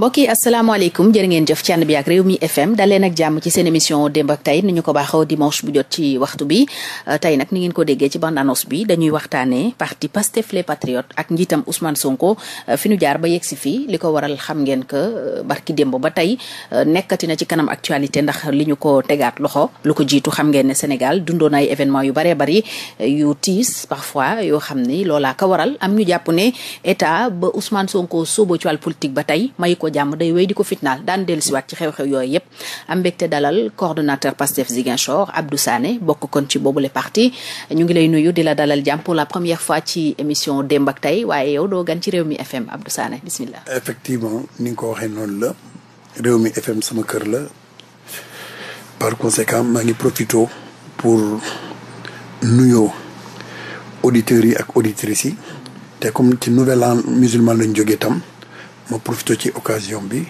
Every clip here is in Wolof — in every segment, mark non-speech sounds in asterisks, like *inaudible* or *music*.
mbokk yi asalaamaaleykum jërë ngeen jëf ci bi ak réew mi FM daleen ak jàmm ci seen émission démb ak tey ni ñu ko baaxoo dimanche bu jot ci waxtu bi euh, tey nag ni ngeen ko déggee ci bande annonce bi dañuy waxtaanee parti Pastef les Patriotes ak njiitam Ousmane Sonko euh, fi ñu jaar ba yegg si fii li ko waral xam ngeen que euh, barki démb ba tey nekkati na ci kanam actualité ndax li ñu ko tegaat loxo lu ko jiitu xam ngeen ne Sénégal dundoon ay événement yu baree bari yu tiis parfois yoo xam ni loolaa ko waral am ñu jàpp ne état ba Ousmane Sonko sóoboo ci wàll politique ba tey may ko jàmm day wéy di ko fitnaal daan dellusiwaat ci xew-xew yooyu yépp am mbégte dalal coordonnateur Pastef Ziguinchor Abdou Sané bokk kon ci le parti ñu ngi lay nuyu di la dalal jàmm pour la première fois ci émission démb ak tey waaye yow doo gan ci réew mi FM Abdou saane bismillah effectivement ni nga ko waxee noonu la réew mi FM suma kër la par conséquent maa ngi profito pour nuyoo auditeurs yi ak auditrices yi te comme ci nouvel an musulman lañ jógee tam ma profité ci occasion bi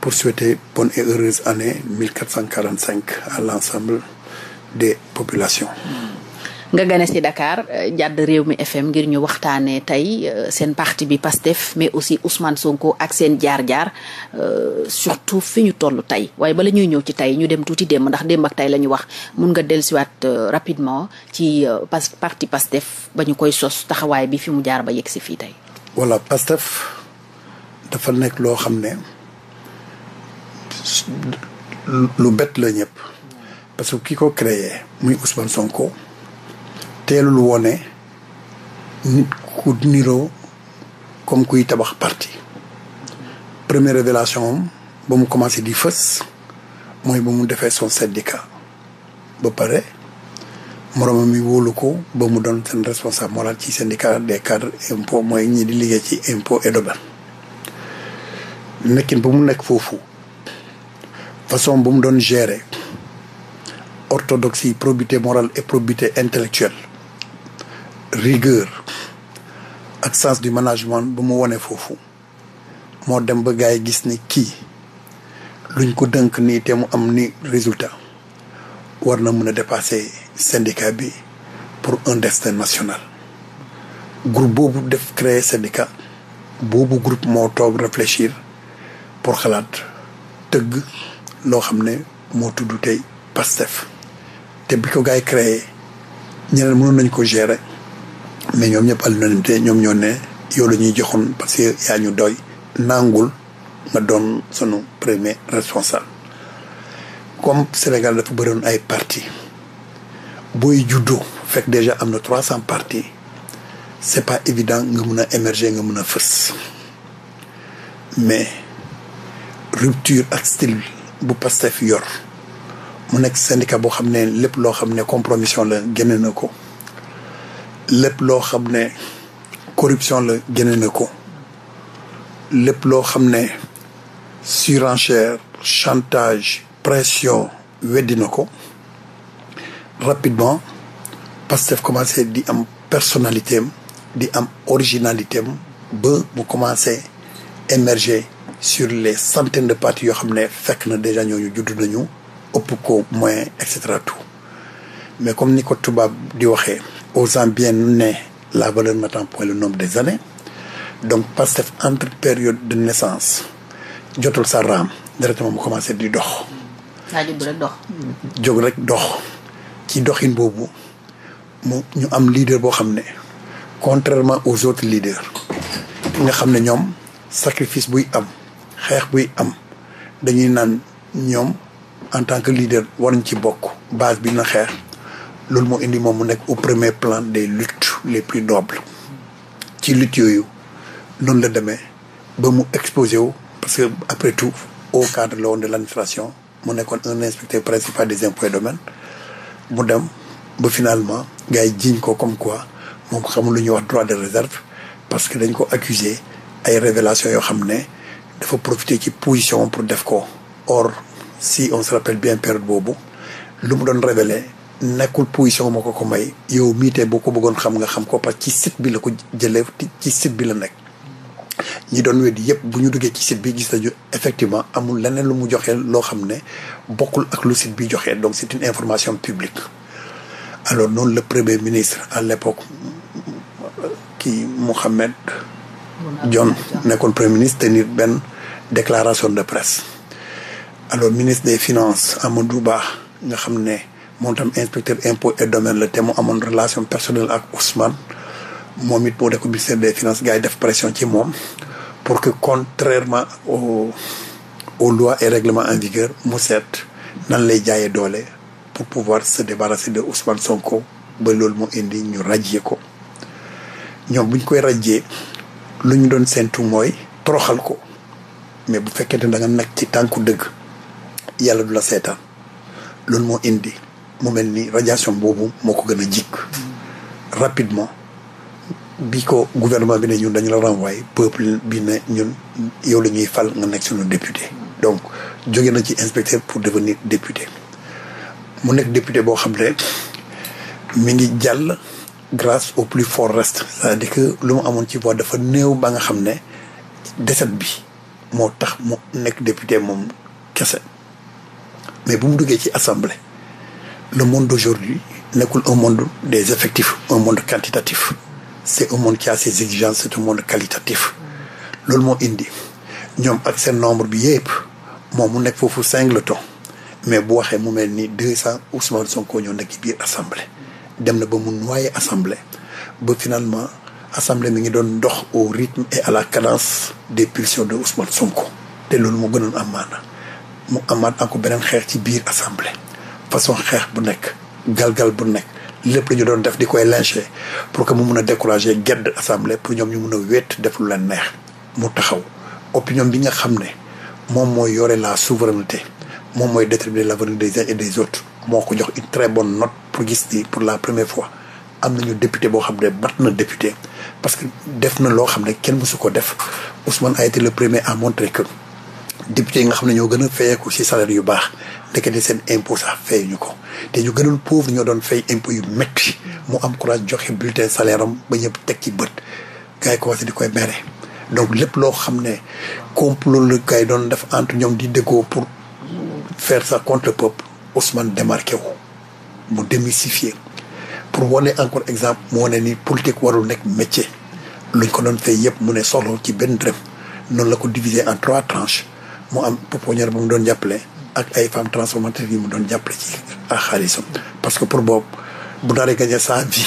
pour souhaiter bonne et heureuse année 1445 à l'ensemble des population nga gane si Dakar euh, jàdd réew mi FM ngir ñu waxtaanee tey euh, seen parti bi PASTEF mais aussi Ousmane Sonko ak seen jaar-jaar euh, surtout fi ñu toll tey waaye bala ñuy ñëw ci tey ñu dem tuuti démb ndax démb ak tey la ñu wax mun nga dellusiwaat rapidement ci parti PASTEF ba ñu koy sos taxawaay bi fi mu jaar ba yegg si fii tey. voilà dafa nekk loo xam ne lu bett la ñëpp parce que ki ko créer muy Ousmane Sonko teelul woone nit ku niroo comme kuy tabax parti première révélation am ba mu commencé di fës mooy ba mu defee son syndicat ba pare moroomam mi wóolu ko ba mu doon seen responsable moral ci syndicat de cadres impôts mooy ñi di liggéey ci impôt et nekkin ba mu nekk foofu façon ba mu doon gérer orthodoxie probité morale et probité intellectuelle rigueur ak sens du management ba mu wone foofu moo dem ba gars yi gis ni kii luñ ko dënk nii te mu am ni résultat war na mën a dépasser syndicat bi pour un destin national groupe boobu def créer syndicat boobu groupe moo toog réfléchir pour xalaat tëgg loo xam ne moo tudd tey Pastef te bi ko gars yi créé ñeneen mënoon nañ ko gérer mais ñoom ñëpp à l'unanimité ñoom ñoo ne yow la ñuy joxoon parce que yaa ñu doy nangul nga doon sunu premier responsable comme Sénégal dafa bëroon ay parti booy juddoo fekk déjà am na trois cent partie c'est pas évident nga mun a émerger nga mun a fës rupture ak style bu Pastef yor mu nekk syndicat boo xam ne lépp loo xam ne compromission la génne na ko lépp loo xam ne corruption la génne na ko lépp loo xam ne surenchère chantage pression weddi na ko rapidement Pastef commencé di am personnalité am di am originalité am ba mu commencé émerger sur les centaines de partis yoo xam ne fekk na déjà ñooñu judd nañu ëpp ko moyen et cetera mais comme ni ko tubaab di waxee osant bien ne la valeur n'attend point le nombre des années donc Pastef entre période de naissance jotul sa raam directement mu commencé di dox. daa jóg rek dox. jóg rek dox ci doxin boobu mu ñu am leader boo xam ne contrairement aux autres leaders nga xam ne ñoom sacrifice buy am xeex buy am dañuy naan ñoom en tant que leader war nañ ci bokk base bi na xeex loolu moo indi moom mu nekk au premier plan des luttes les plus nobles ci lutte yooyu noonu la demee ba mu exposé wu parce que après tout au cadre la woon de l' administration mu nekkoon un inspecteur principal des impôts et domaines mu dem ba finalement gars yi jiiñ ko comme quoi moom xamul lu ñuy wax droit de réserve parce que dañ ko accusé ay révélation yoo xam ne dafa profité ci position pour def ko or si on se rappelle bien période boobu lu mu doon révélé nekkul position moo ko ko may yow miitee boo ko bëggoon xam nga xam ko parce que ci site bi la ko jëlee ci site bi la nekk ñi doon wéet yëpp bu ñu duggee ci site bi gis nañu effectivement amul leneen lu mu joxee loo xam ne bokkul ak lu site bi joxee donc c'est une information publique alors noonu la premier ministre à l'époque kii Mohamed John nekkoon premier ministre tenir benn déclaration de presse alors ministre des finances du baax nga xam ne moom tam inspecteur impôt et domaine la te mu amoon relation personnelle ak Ousmane moom it moo de ko ministère des finance gars yi def pression ci moom pour que contrairement au aux lois et règlements en mu seet nan lay jaayee doole pour pouvoir se débarrasser de Ousmane Sonko ba loolu moo indi ñu rajjee ko ñoom bu koy rajee lu ñu doon séntu mooy toroxal ko mais bu fekkente da nga nag ci tànku dëgg yàlla du la seetaan loolu moo indi mu mel ni radiation boobu moo ko gën a jikk rapidement bi ko gouvernement bi ne ñun dañu la renvoyé peuple bi ne ñun yow la ñuy fal nga nekk suñu député donc jóge na ci inspecteur pour devenir député mu nekk député boo xam ne mi ngi jàll grace au plus fort reste c'est-à-dire que lu mu amoon ci voix dafa néew ba nga xam ne deset bi moo tax mu nekk député moom kese mais bu mu duggee ci assemblée le monde d'aujourd'hui nekkul un monde des effectifs un monde quantitatif c'est un monde qui a ses exigences c'est un loolu moo indi ñoom ak seen nombre bi yëpp moom mu nekk foofu singleton mais bu waxee mu mel ni deux cent Ousmane Sonko ñoo nekk ci biir assemblée dem na ba mu noyé assemblée ba finalement assemblée mi ngi doon dox au ritme et à la cadence des pulsions de Ousmane Sonko. te loolu mu gënoon am maana mu amaat ko beneen xeex ci biir assemblée façon xeex bu nekk galgal bu nekk lépp la ñu doon def di koy lyncher pour que mu mun a décourager gedd assemblée pour ñoom ñu mun a wet def lu leen neex. mu taxaw opinion bi nga xam ne moom mooy yore la souveraineté moom mooy la l'avenir des uns et des autres. moo ko jox une très bonne note pour gis ni pour la première fois am nañu député boo xam ne bat na député parce que def na loo xam ne kenn mësu ko def Ousmane a été le premier à montrer que député yi nga xam ne ñoo gën a fayeeku ci salaire yu baax ndekete seen impôt sax fay ñu ko te ñu gënoon pauvre ñoo doon fay impôt yu métti mu am courage joxe bulletin salaire am ba ñëpp teg ki bët gars yi commencé di koy mere donc lépp loo xam ne complot la gars doon def entre ñoom di déggoo pour faire ça contre le peuple Ousmane démarqué wu mu démystifier pour wane encore exemple moo wane ni politique warul nekk métier luñ ko doon fay yëpp mu ne soxla ci benn dërëm noonu la ko diviser en trois tranches mu am pouponnière bu mu doon jàppale ak ay femmes transformatrices yi mu doon jàppale ci ak xaalisam parce que pour boobu bu naree gagné saa vie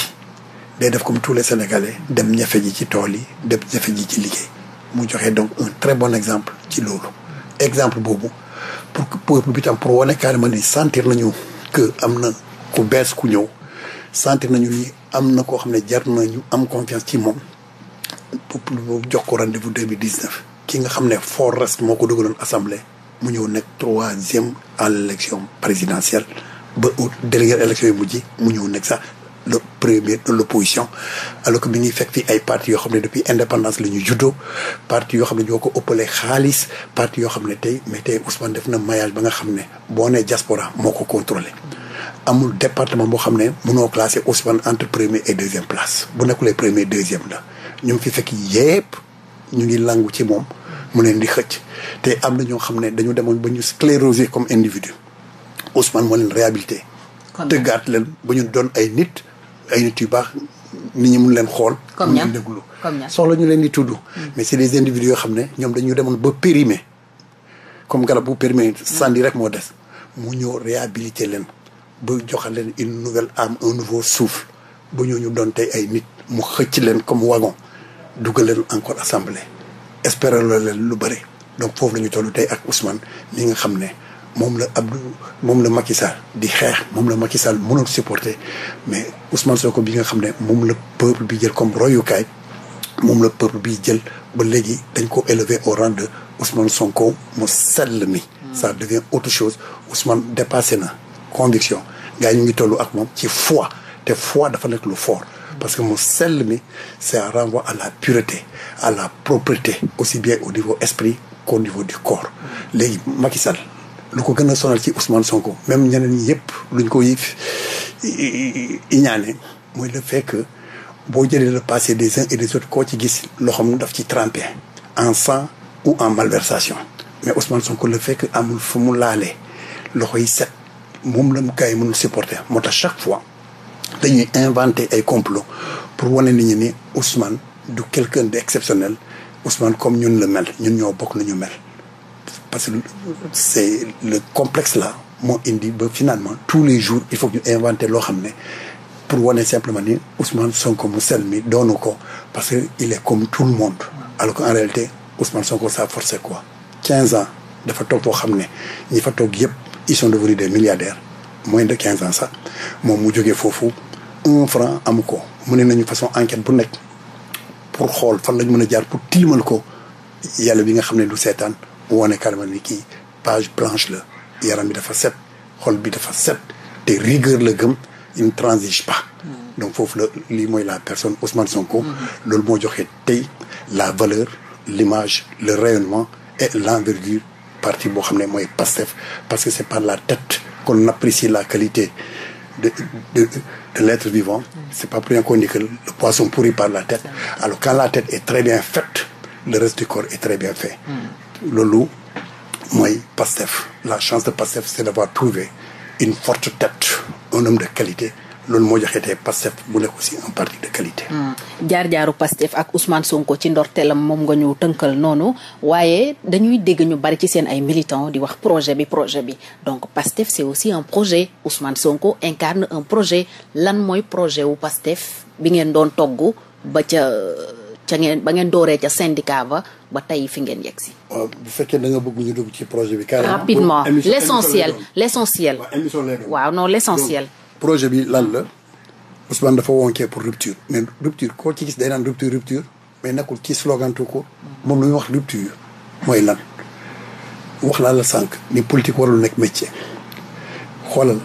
day def comme tous les sénégalais dem ñafe ji ci tool yi dem ñafe ji ci liggéey mu joxe donc un très bon exemple ci loolu exemple boobu pour que peuple bi tam pour wane carrément ni sentir nañu que am na ku bees ku ñëw sentir nañu ni am na koo xam ne jar nañu am confiance ci moom peuple boobu jox ko rendez-vous deux mille dix-neuf ki nga xam ne fort reste moo ko dugaloon assemblée mu ñëw nekk troisième à l' élection présidentielle ba au dernière élection yi mujj mu ñëw nekk sax le premier de l'opposition alors que mi ngi fekk fi ay parti yoo xam ne depuis indépendance la ñu juddoo parti yoo xam ne ñoo ko ëppalee xaalis parti yoo xam ne tey mais tey Ousmane def na maillage ba nga xam ne boo nee diaspora moo ko contrôlé amul département boo xam ne mënoo classé Ousmane entre premier et deuxième place bu nekkulee premier deuxième la ñu ngi fi fekk yépp ñu ngi langu ci moom mu leen di xëcc te am na ñoo xam ne dañu demoon ba ñu sclérosé comme individu Ousmane moo leen réhabilité tëggaat leen ba ñu doon ay nit ay nit yu baax nit ñi mun leen xool. comme ñam déglu soxla ñu leen di tudd. Hmm. mais c'est des individus yoo xam ne ñoom dañu demoon ba périmé comme garab bu périmé hmm. sànni rek moo des mu ñëw réhabiliter leen ba joxal leen une nouvelle âme un nouveau souffle ba ñooñu doon tey ay nit mu xëcc leen comme wagon dugal leen encore assemblée espérer leen lu bëri donc foofu la ñu toll tey ak Ousmane mi nga xam ne. moom la Abdou moom la Macky di xeex moom la Macky Sall mënoon supporter mais Ousmane Sonko bi nga xam ne moom la peuple bi jël comme royukaay moom la peuple bi jël ba léegi dañ ko élevé au rang de Ousmane Sonko mu sell mi. ça devient autre chose Ousmane dépassé na conviction gars ñu ngi tollu ak moom ci foi te foi dafa nekk lu fort. parce que mu sell mi ça renvoie à la pureté à la propreté aussi bien au niveau esprit qu'au niveau du corps léegi Macky Sall lu ko gën a sonal ci Ousmane Sonko même ñeneen ñi yëpp luñ ko yëg iñaane mooy le fekk boo jëlee le passé des uns et des autres koo ci gis loo xam ne daf ci trempé en sang ou en malversation mais Ousmane Sonko la fekk que amul fu mu laalee loxo yi set moom la mu kaay mënul supporter moo tax chaque fois dañuy inventer ay complot pour wane nit ñu ni Ousmane du quelqu'un d'exceptionnel Ousmane comme ñun la mel ñun ñoo bokk ñu mel parce que c'est le complexe la moo indi ba finalement tous les jours il faut que ñu inventer loo xam ne pour wane simplement ni Ousmane Sonko mu sel mi doonu ko parce que il est comme tout le monde alors qu'en réalité Ousmane Sonko ça forcé quoi quinze ans dafa toog foo xam ne ñi fa toog yëpp ils sont devenus des milliardaires moins de quinze ans sax moom mu jógee foofu un franc amu ko mu ne nañu façon enquête bu nekk pour xool fan lañ mën a jaar pour tilimal ko yàlla bi nga xam ne du seetaan mu wane carrément ni kii page blanche la yaram bi dafa set xol bi dafa set te rigueur la gëm il ne transige pas mm. donc foofu la lii mooy la personne Ousmane Sonko mm. loolu moo joxee tey la valeur l'image le rayonnement et l'envergure parti boo xam ne mooy Pastef parce que c'est par la tête qu'on apprécie la qualité de de de l'être vivant mm. c'est pas pour qu'on dit que le poisson pourrit par la tête alors quand la tête est très bien faite le reste du corps est très bien loolu mooy Pastef la chance de Pastef c'est d'avoir trouvé une forte tête un homme de qualité loolu moo joxe tey Pastef bu nekk aussi un parti de qualité. Hmm. jaar-jaaru Pastef ak Ousmane Sonko ci ndorteelam moom nga ñu tënkal noonu waaye dañuy dégg ñu bari ci seen ay militants di wax projet bi projet bi donc Pastef c'est aussi un projet Ousmane Sonko incarne un projet lan mooy projet wu Pastef bi ngeen doon togg ba ca ca ngeen ba ngeen dooree ca syndicat ba ba tey fi ngeen yegg si. bu fekkee da nga bëgg ñu dugg ci projet bi. carrément rapidement l'essentiel l'essentiel waaw non l'essentiel projet bi lan la Ousmane dafa wonkee pour rupture mais rupture koo ci gis day naan rupture rupture mais nekkul ci slogan ko moom lu ñu wax rupture mooy lan wax laa la sànq ni politique warul nekk métier xoolal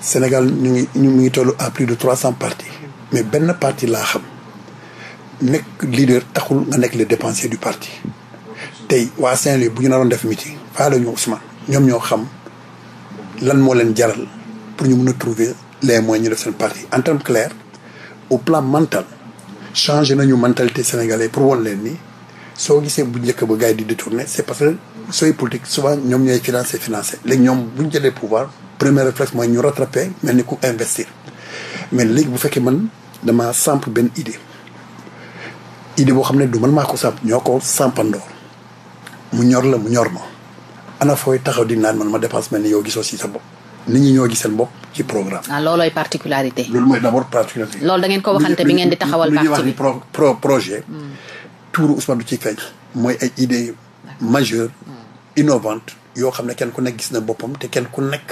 Sénégal ñu ngi ñu ngi toll à plus de trois cents partis mais benn partie laa xam nekk leader taxul nga nekk le dépensier du parti tey waa Saint-Louis bu ñu naroon def meeting faa la ñu Ousmane ñoom ñoo xam lan moo leen jaral pour ñu mun a trouver les moyens ñu def seen parti en terme clair au plan mental changé nañu mentalité sénégalais pour won leen nii soo gisee bu njëkk bu gaay yi di détourné c' est parce que sooy politique souvent ñoom ñooy financé financé léegi ñoom bu ñu jëlee pouvoir premier réflexe mooy ñu rattrapé mel ni ku investir mais léegi bu fekkee man dama samp benn idée idée boo xam ne du man maa samp ñoo ko sampandoo mu ñor la mu ñor ma ana fooy taxaw di naan man ma dépense mel ni yow gisoo si sa bopp nit ñi ñoo gis seen bopp ci programme. ah loolooy particularité. loolu mooy d' loolu da ngeen ko waxante bi ngeen di taxawal. parti bi wax ni pro projet. Hmm. tuuru Ousmane du ci feeñ. mooy ay idées majeures. Hmm. innovantes yoo xam ne kenn ku nekk gis na boppam te kenn ku nekk.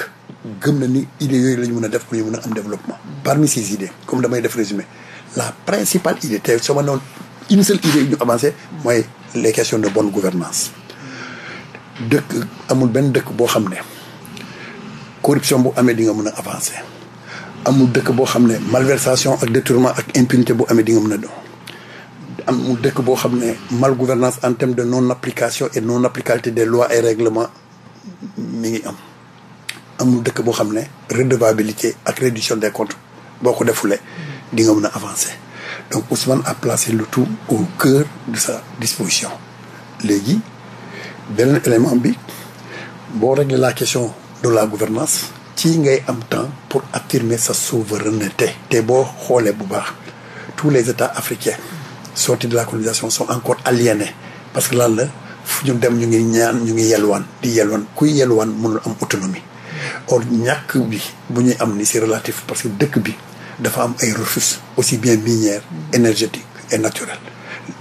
gëm na ni idées yooyu la ñu mën a def pour ñu mën a am développement. parmi ces idées comme damay def résumé la principale idée te une seule idée ñu avancé mooy les question de bonne gouvernance dëkk amul benn dëkk boo xam ne corruption bu amee di nga mën a avancé amul dëkk boo xam ne malversation ak détournement ak impunité bu amee di nga mën a doon amul dëkk boo xam ne mal gouvernance en termes de non application et non applicabilité des lois et réglement mi ngi am amul dëkk boo xam ne redevabilité ak réduction des comptes boo ko defulee di nga mën a avancer donc Ousmane a placé le tout au cœur de sa disposition léegi beneen élément bi boo régler la question de la gouvernance ci ngay am temps pour affirmer sa souveraineté te boo xoolee bu baax tous les états africains sortis de la colonisation sont encore aliénés parce que lan la fu ñu dem ñu ngi ñaan ñu ngi yelwaan di yelwaan kuy yelwaan mënul am autonomie or ñàkk bi bu ñuy am ni c'est relatif parce que dëkk bi dafa am ay ressources aussi bien minières énergétiques et naturelles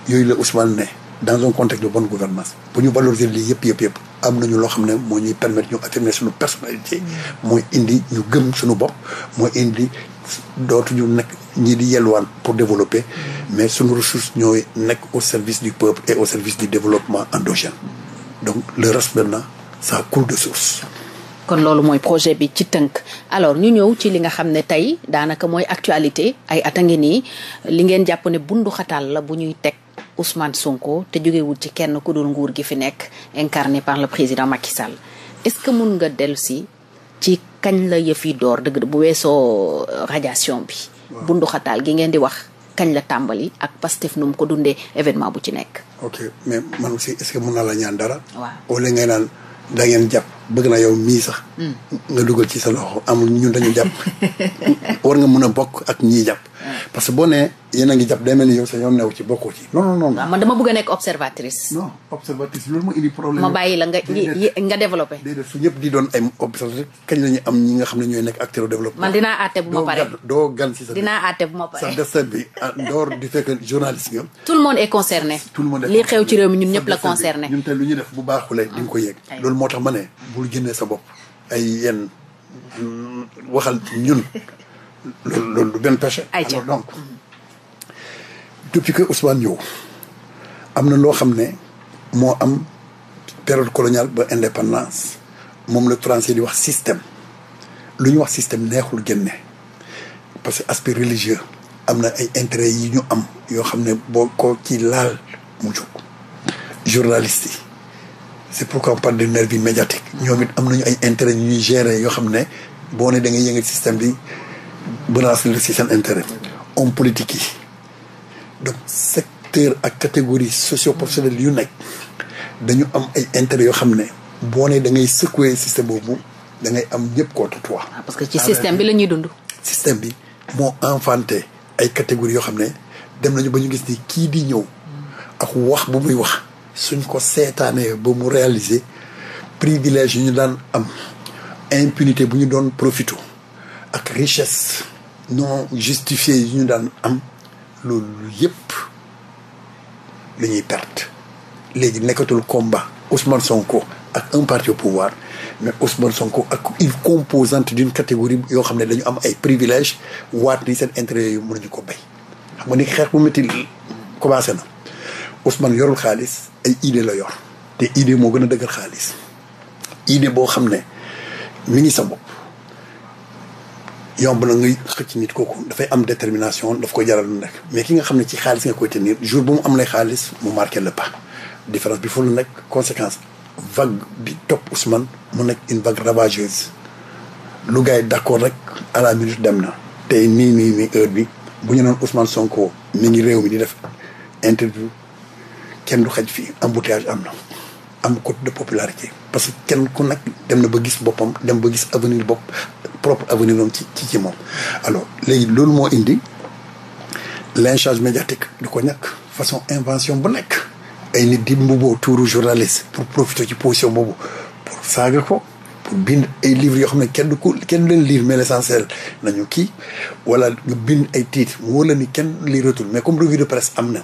yooyu la Ousmane ne dans un contexte de bonne gouvernance bu ñu valoriser lii yëpp yëpp yëpp am nañu loo xam ne moo ñuy permettre ñu affirmer suñu personnalité mm. mooy indi ñu gëm suñu bopp mooy indi dootu ñu nekk ñii di yelwaan pour développer mm. mais suñu ressources ñooy nekk au service du peuple et au service du développement endogène donc le reste maintenant ça coule de source kon loolu mooy projet bi ci tënk alors ñu ñëw ci li nga xam ne tey daanaka mooy actualité ay at a ngi nii li ngeen jàpp ne bundu xataal la bu ñuy teg Ousmane Sonko te jógewul ci kenn ku dul nguur gi fi nekk incarné par le président Macky Sall est-ce que mun nga dellu si ci kañ la yëf yi door dëgg bu weesoo euh, radiation bi. bunduxataal gi ngeen di wax kañ la tàmbali ak Pastef nu mu ko dundee événement bu ci nekk. ok mais man aussi est mun na la ñaan dara. waaw bëgg naa yow mii sax nga dugal ci sa loxo amul ñun dañu jàpp *laughs* war nga mun a bokk ak ñiy jàpp. Ah. parce que boo nee yéen a ngi jàpp day mel ni yow sa yoon newu ci bokku ci non non non. waaw ah, man dama bëgg a nekk observatrice. non observatrice loolu moo ma bàyyi la nga nga développé. déedéet ñëpp di doon ay am ñi nga xam ne ñooy nekk acteur développement. man dinaa àtte bu ma pare doo gan si sa. dinaa àtte bu ma pare ah, li xew ci réew mi ñun ñëpp la concerné. ñun tey def bu baaxulee di nga ko yëg. loolu moo tax ma ne bul génnee sa bopp ay yenn waxal ñun loolu du benn péché alors donc depuis que Ousmane yow am na loo xam ne moo am période coloniale ba indépendance moom la français di wax système lu ñu wax système neexul génne parce que aspect religieux am na ay intérêt yi ñu am yoo xam ne boo ko ci laal mu jóg journaliste c'est pourquoi on parle de nervi médiatique. ñoom it am nañu ay intérêt yu ñuy gérer yoo xam ne boo ne da ngay yëngal système bi menace la si seen intérêt. homme politique yi donc secteur ak catégorie socio-professionnelle yu nekk dañu am ay intérêt yoo xam ne boo da ngay secouer système boobu da ngay am ñëpp koo tutoie. Ah, parce que ci système bi la ñuy dund. système bi moo enfanté ay catégories yoo xam ne dem nañu ba ñu gis ni kii di ñëw ak wax bu muy wax. suñ ko seetaanee ba mu réaliser privilège yu ñu daan am impunité bu ñu doon profito ak richesse non justifiée yu ñu daan am loolu yépp lu ñuy perte léegi nekkatul combat Ousmane Sonko ak un parti au pouvoir mais Ousmane Sonko ak une composante d'une catégorie yoo xam ne dañu am ay privilèges waat ni seen intérêt yooyu mënuñu ko béy xam nga ni xeex bu métti commencé na Ousmane yorul xaalis ay idée la yor te idée moo gën a dëgër xaalis idée boo xam ne mi ngi sa bopp yomb na ngay xëcc nit kooku dafay am détermination daf ko jaral na nekk mais ki nga xam ne ci xaalis nga koy tenir jour bu mu am lay xaalis mu marqué le pas différence bi foofu la nekk conséquence vague bi topp Ousmane mu nekk une vague ravageuse lu gars yi d'accord rek à la minute dem na tey mi mi nii heure bi bu ñu noon Ousmane Sonko mi ngi réew mi di def interview kenn du xaj fii embouteillage am na am côté de popularité parce que kenn ku nag dem na ba gis boppam dem ba gis avenir bopp propre avenir am ci ci ci moom alors léegi loolu moo indi lynchage médiatique di ko ñàkk façon invention bu nekk ay nit di mbuboo tuuru journaliste pour profiter ci position boobu pour saaga ko pour bind ay livres yoo xam ne kenn du ko kenn leen lire mais l'essentiel nañu kii wala nga bind ay titres mu wóor la ni kenn lii mais comme revue de am na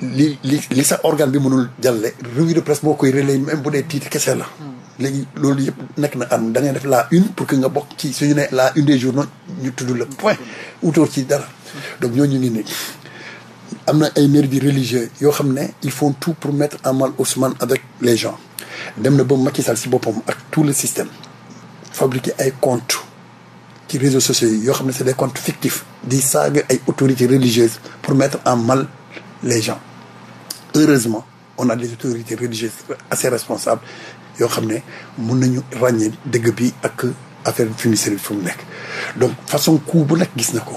li li li sa organe bi mënul jalle revue de presse moo koy relais même bu dee titre kese la hmm. léegi loolu yëpp nekk na am da ngay def la une pour que nga bokk ci suñu ne la une des journaux ñu tudd la point autour ci dara donc ñooñu ngi ne am na ay nervis religieux yoo xam ne il faut tout pour mettre en mal Ousmane avec les gens dem na ba Macky Sall si boppam ak tout le système fabriquer ay comptes ci réseaux sociaux yoo xam ne c'est des comptes fictifs di saaga ay autorités religieuses pour mettre en mal les gens heureusement on a des autorités religieuses assez responsables yoo xam ne mun nañu ràññee dëgg bi ak affaire fumisterie bi fu mu nekk donc façon coup bu nekk gis na ko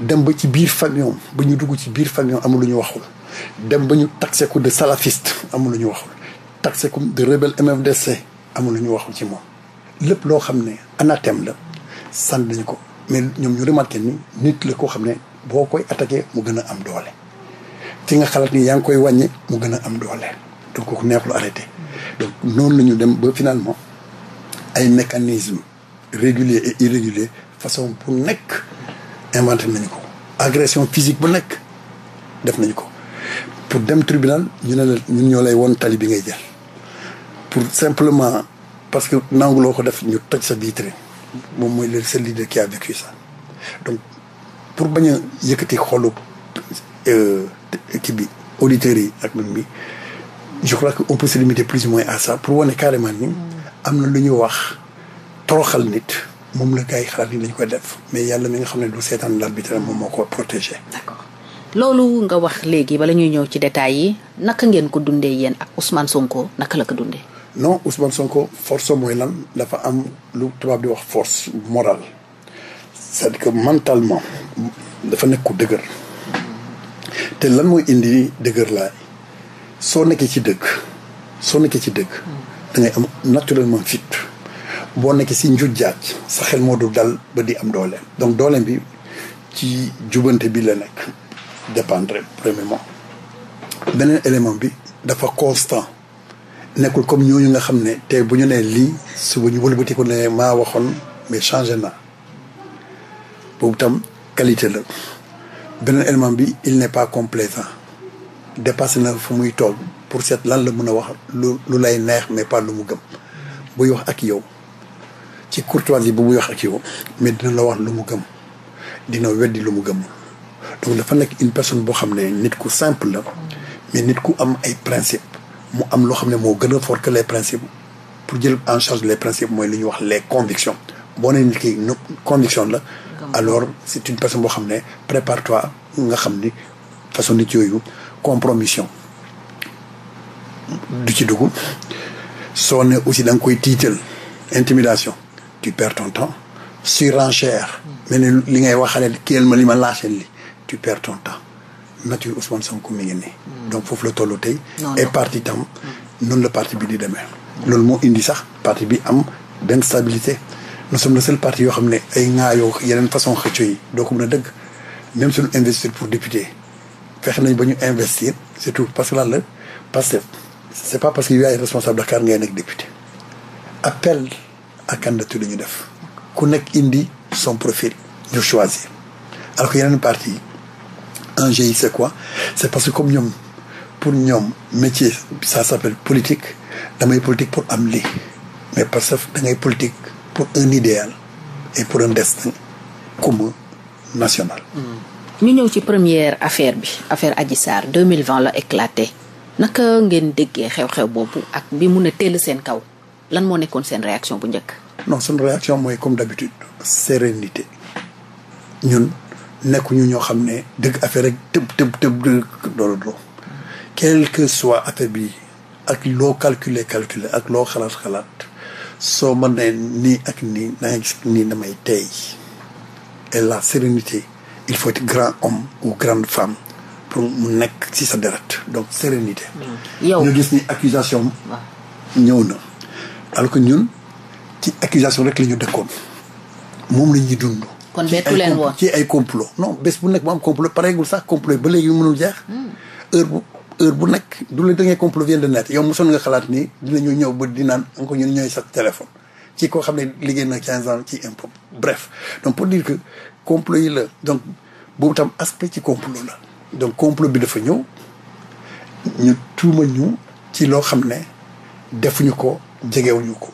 dem ba ci biir famille ba ñu dugg ci biir famille amul lu ñu waxul dem ba ñu taxé ko de salafiste amul lu ñu waxul taxé ko de rebelle MFDC amul lu ñu waxul ci moom lépp loo xam ne anatem la sànni nañu ko mais ñoom ñu remarqué ni nit la koo xam ne boo koy attaqué mu gën a am doole ci nga xalaat ni yaa ngi koy wàññi mu gën a am doole donc kooku neexul arrêté donc noonu la ñu dem ba finalement ay mécanismes réguliers et irréguliers façon bu nekk inventé nañu ko agression physique bu nekk def nañu ko pour dem tribunal ñu ne la ñun ñoo lay won tali bi ngay jël pour simplement parce que nangu loo ko def ñu toj sa vitre moom mooy le seul leader qui a vécu donc pour bañ a yëkkati xolu euh, kii bi auditeurs yi ak man mi je crois que on peut se limiter plus ou moins à ça pour wane carrément ni am na lu ñu wax toroxal nit moom la gars yi xalaat ni dañ koy def mais yàlla mi nga xam ne du seetaan l'arbitre moom moo ko protégé loolu nga wax léegi bala ñuy ñëw ci détails yi naka ngeen ko dundee yéen ak Ousmane Sonko naka la ko dundee non Ousmane Sonko force mooy lan dafa am lu tubaab di wax force morale c'est-à-dire que mentalement dafa nekk ku dëgër te lan mooy indi dëgër laay soo nekkee ci dëkk soo nekkee ci dëkk dangay ngay am naturellement fit boo nekkee si njut jaaj sa xel moo du dal ba di am doole donc dooleem bi ci jubante bi la nekk dépendre premièrement beneen élément bi dafa constant nekkul comme ñooñu nga xam ne tey bu ñu nee lii suba ñu wëlbati ko ne maa waxoon mais changé na boobu tam qualité la beneen élément bi il n'est pas complaisant dépassé na fu muy toog pour seet lan la mën a wax lu lu lay neex mais pas lu mu gëm buy wax ak yow ci courtoisie bu muy wax ak yow mais dina la wax lu mu gëm dina weddi lu mu gëm donc dafa nekk une personne boo xam ne nit ku simple la mais nit ku am ay principe mu am loo xam ne moo gën a fort que les principes pour jël en charge les principes mooy li ñuy wax les convictions boo nee nit ki conviction la alors c'est une personne boo xam ne prépare-toi nga xam ni façon nit yooyu compromission du ci dugg soo ne aussi da nga koy tiital intimidation tu perds temps temps surenchère mais ne li ngay waxale kiyel ma li ma laacel li tu perds ton temps nature Ousmane Sonko mi ngi nii hmm. donc foofu la tollu tey et parti tam hmm. noonu la parti bi di demee loolu moo indi sax parti bi am benn stabilité nous sommes le yoo xam ne ay ŋaayoo yeneen façon xëccoo yi doo ko mën a dëgg même suñu investir pour député fexe nañ ba ñu investir surtout parce que lan la Pastef c' est pas parce que yow yaay responsable Dakar ngay nekk député appel à candidature la ñu def ku nekk indi son profil ñu choisir alors que yeneen parti yi enjeu yi c' est quoi c' parce que comme ñoom pour ñoom métier ça s' appelle politique damay politique pour am lii mais parce que da ngay politique pour un idéal et pour un destin commun national. ñu ñëw ci première affaire bi affaire Adji Sarr 2020 la éclaté naka ngeen déggee xew-xew boobu ak bi mun a teel seen kaw lan moo nekkoon seen réaction bu njëkk. non suñu réaction mooy comme d'habitude sérénité ñun nekkuñu ñoo xam ne dëgg affaire rek tëb tëb tëb loolu loolu. quel que soit affaire bi ak loo calculer calculer ak loo xalaat xalaat. soo ma nee nii ak nii dangay gis nii damay tey et la sérénité il faut être grand homme ou grande femme pour mu nekk ci sa deret donc sérénité mm. yow ñu gis ni accusation ñëw na alors que ñun ci accusation rek la ñu dëkkoon moom la ñuy dund kon bettu leen ci ay complot non bés bu nekk mu am complot pareegul sax complot ba léegi mënul jeex mm. heure bu nekk du la da ngay complot vient de naître yow nga xalaat ni dinañu ñëw ba di naan encore ñun ñooy sa téléphone ci koo xam ne liggéey na quinze ans ci impôt bref donc pour dire que complot yi la donc boobu tam aspect ci complot la donc complot bi dafa ñëw ñu tuuma ñu ci loo xam ne defuñu ko jegewuñu ko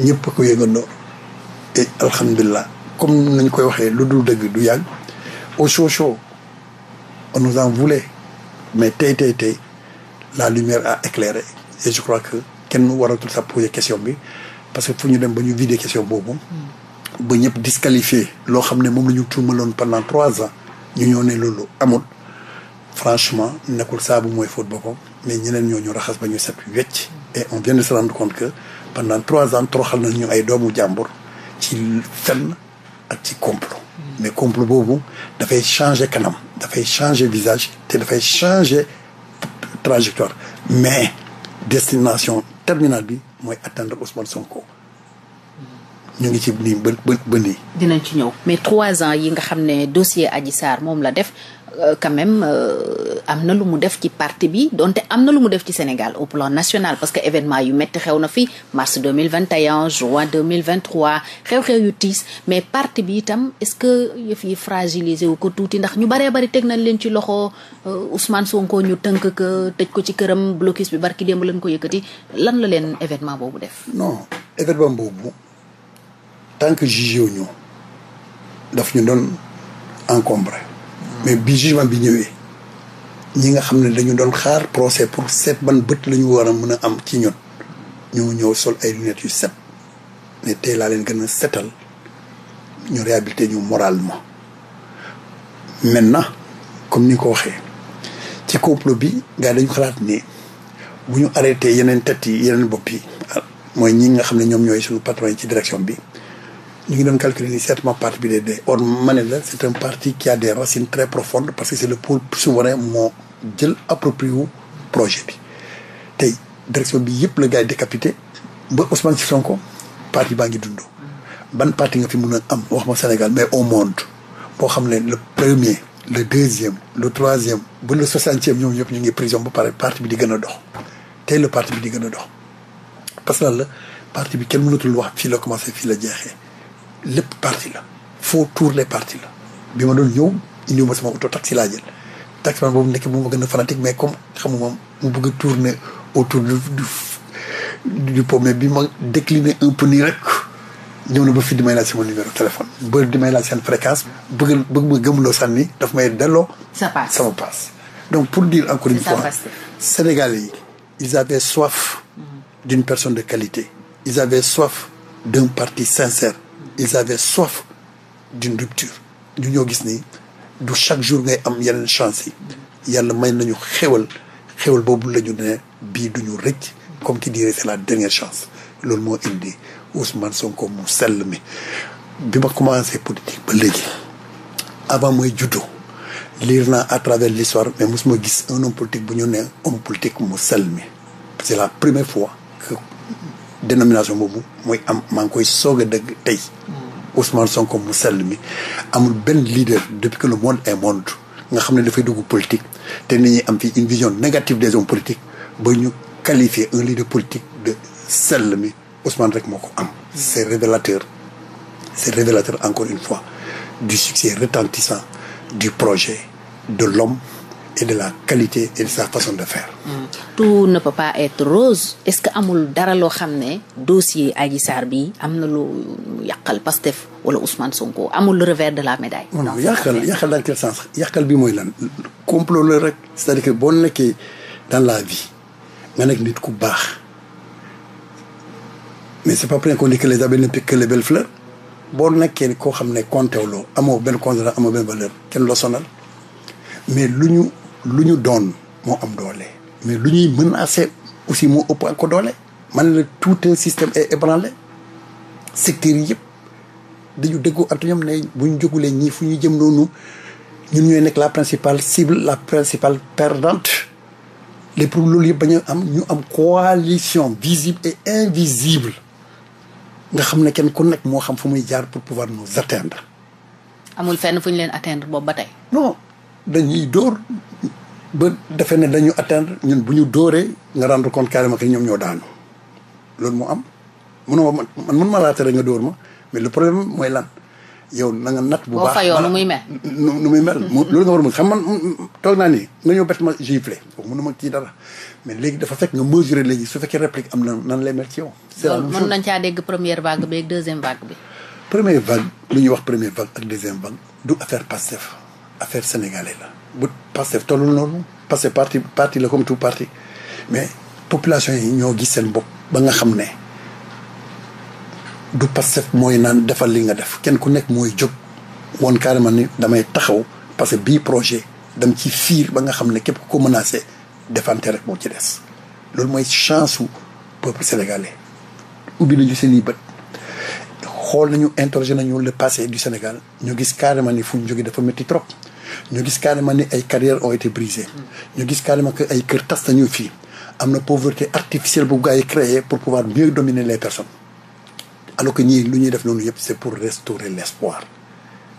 ñëpp ko yëngandoo et comme nañ koy waxee lu dul dëgg du yàgg au chaud chaud on nous en voulait mais tey tey tey la lumière a éclairé et je crois que kenn waratul sax poser question bi parce que foo ñu dem ba ñu vider question boobu. ba ñëpp disqualifié. loo xam ne moom la ñu tuumaloon pendant trois ans ñu ñëw ne loolu amul franchement nekkul saabu mooy faute ko mais ñeneen ñoo ñu raxas ba ñu set wecc. et on vient de se rendre compte que pendant trois ans toroxal ñu ay doomu jàmbur ci fenn ak ci complot. mais complot boobu dafay changer kanam dafay changer visage te dafay changer trajectoire mais destination terminale bi mooy atteindre Ousmane ko ñu ngi ci nii ba ba dinañ ci ñëw mais trois ans yi nga xam ne dossier Adji Sarr moom la def Euh, quand même euh, am na lu mu def ci parti bi donte am na lu mu def ci Sénégal au plan national parce que événement yu métti xew na fi mars 2021 juin 2023 xew-xew yu tiis mais parti bi itam est-ce que yëf yi fragilisé wu ko tuuti ndax ñu baree bari teg nañ leen ci loxo euh, Ousmane Sonko ñu tënk ko tëj ko ci këram blocus bi barki démb lañ ko yëkkati lan la leen événement boobu def. non événement boobu tant que jugé wu daf ñu doon encombré. mais bi jugement bi ñëwee ñi nga xam ne dañu doon xaar procès pour set ban bët la ñu war a mën a am ci ñun ñoo ñëw sol ay lunettes yu set mais tey laa leen gën a setal ñu réhabilité ñu moralement maintenant comme ni ko waxee ci complot bi gars dañu xalaat ni bu ñu arrêté yeneen tet yi yeneen bopp yi ah, mooy ñi nga xam ne ñoom ñooy suñu patron yi ci direction bi ñu ngi doon calculer ni certainement parti bi day dee or ma ne la c'est un parti qui a des racines très profondes parce que c'est le pôle souverain moo jël approprié wu projet bi tey direction bi yëpp la gars yi décapité ba Ousmane si Sonko parti baa ngi dund ban parti nga fi mun a am wax ma Sénégal mais au monde boo xam ne le premier le deuxième le troisième bu le soixantième ñoom ñëpp ñu ngi prison ba pare parti bi di gën a dox tey la parti bi di gën a dox parce que la parti bi kenn mënatul wax fii la commencé fii la jeexee lépp parti la foo tourné parti la bi ma doon ñëw indi ma sama oto taxi laa jël taxi man boobu nekk moom ma gën a fanatique mais comme xam moom mu bëgg a tourné autour du du pot mais bi ma décliner un peu nii rek ñëw na ba fi di may laaj sama numéro téléphone ba di may laaj seen fréquence bëgg bëgg ma gëmloo sànni daf may delloo sama passe donc pour dire encore une fois Sénégalais yi ils avaient soif mm-hmm. d'une personne de qualité ils avaient soif d'un parti sincère ils avaient soif d'une rupture ñu ñoo gis ni du chaque jour ngay am yeneen chance yi yàlla may nañu xewal xewal boobu lañu ne bii duñu rëcc comme qui dirait c'est la dernière chance loolu moo indi Ousmane Sonko mu sell mi bi ma commencé politique ba léegi avant mooy juddu lire naa à travers l'histoire mais ma gis un homme politique bu ñu ne homme politique mu sell mi c'est la première fois dénomination boobu mooy am maa ngi koy soog a dëgg tey hmm. Ousmane Sonko mu sell mi amul benn leader depuis que le monde est monde nga xam ne dafay dugg politique te nit ñi am fii une vision négative des hommes politiques ba ñu qualifier un leader politique de sell mi Ousmane rek moo ko am hmm. c'est révélateur c'est révélateur encore une fois du succès retentissant du projet de l'homme et de la qualité et de sa façon de faire. tout ne peut pas rose est-ce que amul dara loo xam ne dossier Adji Sarr bi am na lu yàqal Pastef wala Ousmane Sonko amul le revers de la médaille. non yàqal yàqal dans quel sens yàqal bi mooy lan complot rek. c'est-à-dire que boo nekkee dans la vie nga nekk nit ku baax mais c'est pas plein que les abeilles ne piquent boo nekkee koo xam ne compté loo amoo benn considération amoo benn valeur kenn loo sonal mais lu ñu lu ñu doon moo am doole mais lu ñuy menacer aussi moo ëpp ak ko doole man la tout un système est ébranlé secteurs yi yëpp dañu déggoo ak ñoom ne bu ñu jógulee ñii fu ñu jëm ñun ñooy nekk la principal cible la principale perdante les pour loolu yëpp bañu am ñu am coalition visible et invisible nga xam ne kenn ku nekk moo xam fu muy jaar pour pouvoir nous atteindre amul fenn fu ñu leen atteindre boobu ba tey dañuy dóor ba defe ne dañu atteindre ñun bu ñu dóoree nga rendre compte carrément ki ñoom ñoo daanu loolu moo am mënoo man mën ma laa tere nga dóor ma mais le problème mooy lan yow na nga natt bu baax boo fayoo nu muy mel nu muy mel loolu nga war a xam man toog naa nii nga ñëw bett ma giflé foofu mënu ma ci dara mais léegi dafa fekk nga mesurer léegi su fekkee réplique am na nan lay mel ci yow c'est nañ caa dégg première vague bi ak deuxième vague bi première vague lu ñuy wax premiere vague ak deuxième vague du affaire Pastef affaire sénégalais la bu Pastef tollul noonu Pastef parti parti la comme tout parti mais population yi ñoo gis seen bopp ba nga xam ne du Pastef mooy naan defal li nga def kenn ku nekk mooy jóg woon carrément ni damay taxaw parce que bii projet dam ci fiir ba nga xam ne képp ku ko menacé defante rek moo ci des loolu mooy chance su peuple sénégalais ubbi nañu seen i bët xool nañu interroger nañu le passé du Sénégal ñoo gis carrément ni fu ñu jógee dafa métti trop ñu gis carrément ni ay carrières ont été brisées ñu gis carrément que ay kër tas nañu fii am na pauvreté artificielle bu gars yi créé pour pouvoir mieux dominer les personnes alors que ñii lu ñuy def noonu yëpp c'est pour restaurer l'espoir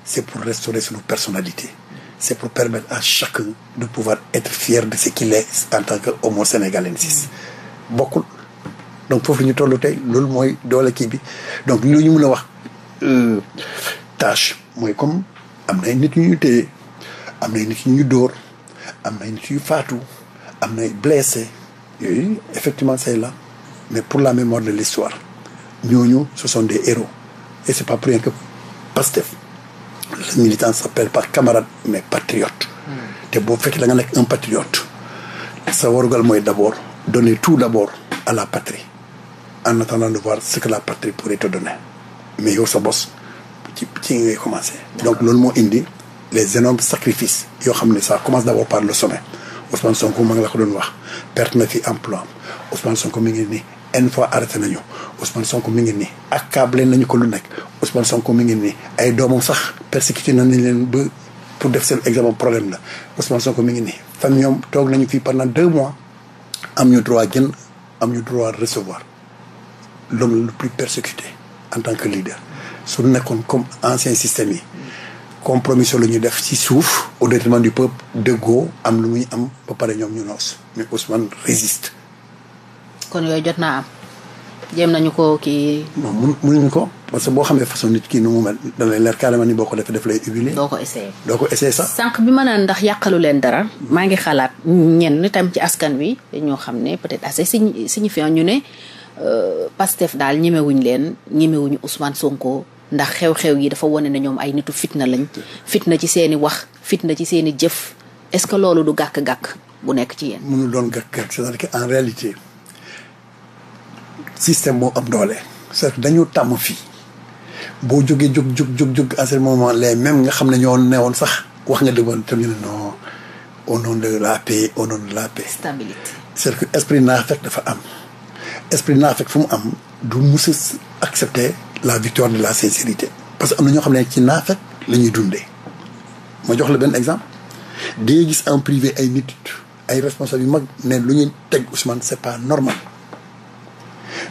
c'est pour restaurer sunu personnalité c'est pour permettre à chacun de pouvoir être fier de ce qu'il est en tant que homo sénégalensis mm. donc foofu ñu tollu tey loolu mooy doole kii bi donc lu ñu mën a wax euh, tâche mooy comme am nay nit ñu ñu téye am nay nit ñu ñu dóor am nay nit ñu faatu am na blessé yooyu effectivement c'est là mais pour la mémoire de l'histoire ñooñu ce sont des héros et c'est pas pour rien que Pastef le militant s'appelle par camarade mais patriote hmm. te boo fekkee da nga nekk un patriote sa warugal mooy d'abord donner tout d'abord à la patrie en attendant de voir ce que la patrie pourrait te donner mais yow sa bos ci ci ngay commencé donc loolu moo indi les énormes sacrifices yoo xam ne ça commence d'abord par le sommet Ousmane Sonko ma ngi la doon wax perte na fi emploi Ousmane Sonko mi ngi nii une fois arrêté nañu Ousmane Sonko mi ngi nii accablé nañu ko lu nekk Ousmane Sonko mi ngi nii ay doomam sax persécuté nañ leen ba pour def seen examen problème la Ousmane Sonko mi ngi nii fan ñoom toog nañu fii pendant deux mois am ñu droit jën am ñu droit recevoir l'homme le plus persécuté en tant que leader su nekkoon comme ancien système yi compromission la ñu def ci suuf au détriment du peuple dëggoo am lu muy am ba pare ñoom ñu noos mais Ousmane résiste kon yooyu jot naa am jéem nañu ko kii non mun mënuñu ko parce que boo xamee façon nit kii nu mu mel da leer carrément ni boo ko defee def lay humilier doo ko essayé doo ko essayé bi ma naan ndax yàqalu leen dara maa ngi xalaat ñenn tam ci askan wi ñoo xam ne peut-être assez signifiant ñu ne Euh, Pastef daal ñemewuñ leen ñemewuñu Ousmane Sonko ndax xew-xew yi dafa wane ne ñoom ay nitu fitna lañ fitna ci seeni wax fitna ci seeni jëf est-ce que loolu du gàkk-gàkk bu nekk ci yéen mënul doon gàkk-gàkk à en réalité système moo am doole c'est-à-dire dañu tàmm fii boo jógee jóg jóg jóg jóg à ce moment là même nga xam ne ñoo neewoon sax wax nga dëggoon te ñu ne non au nom de la paix de la stabilité cest à esprit naa fekk dafa am esprit naafeq fu mu am du mus a accepter la victoire de la sincérité. parce que am na ñoo xam ne ci nafet la ñuy dundee ma jox la benn exemple day gis en privé ay nit ay responsable yu mag ne lu ñuy teg Ousmane c'est pas normal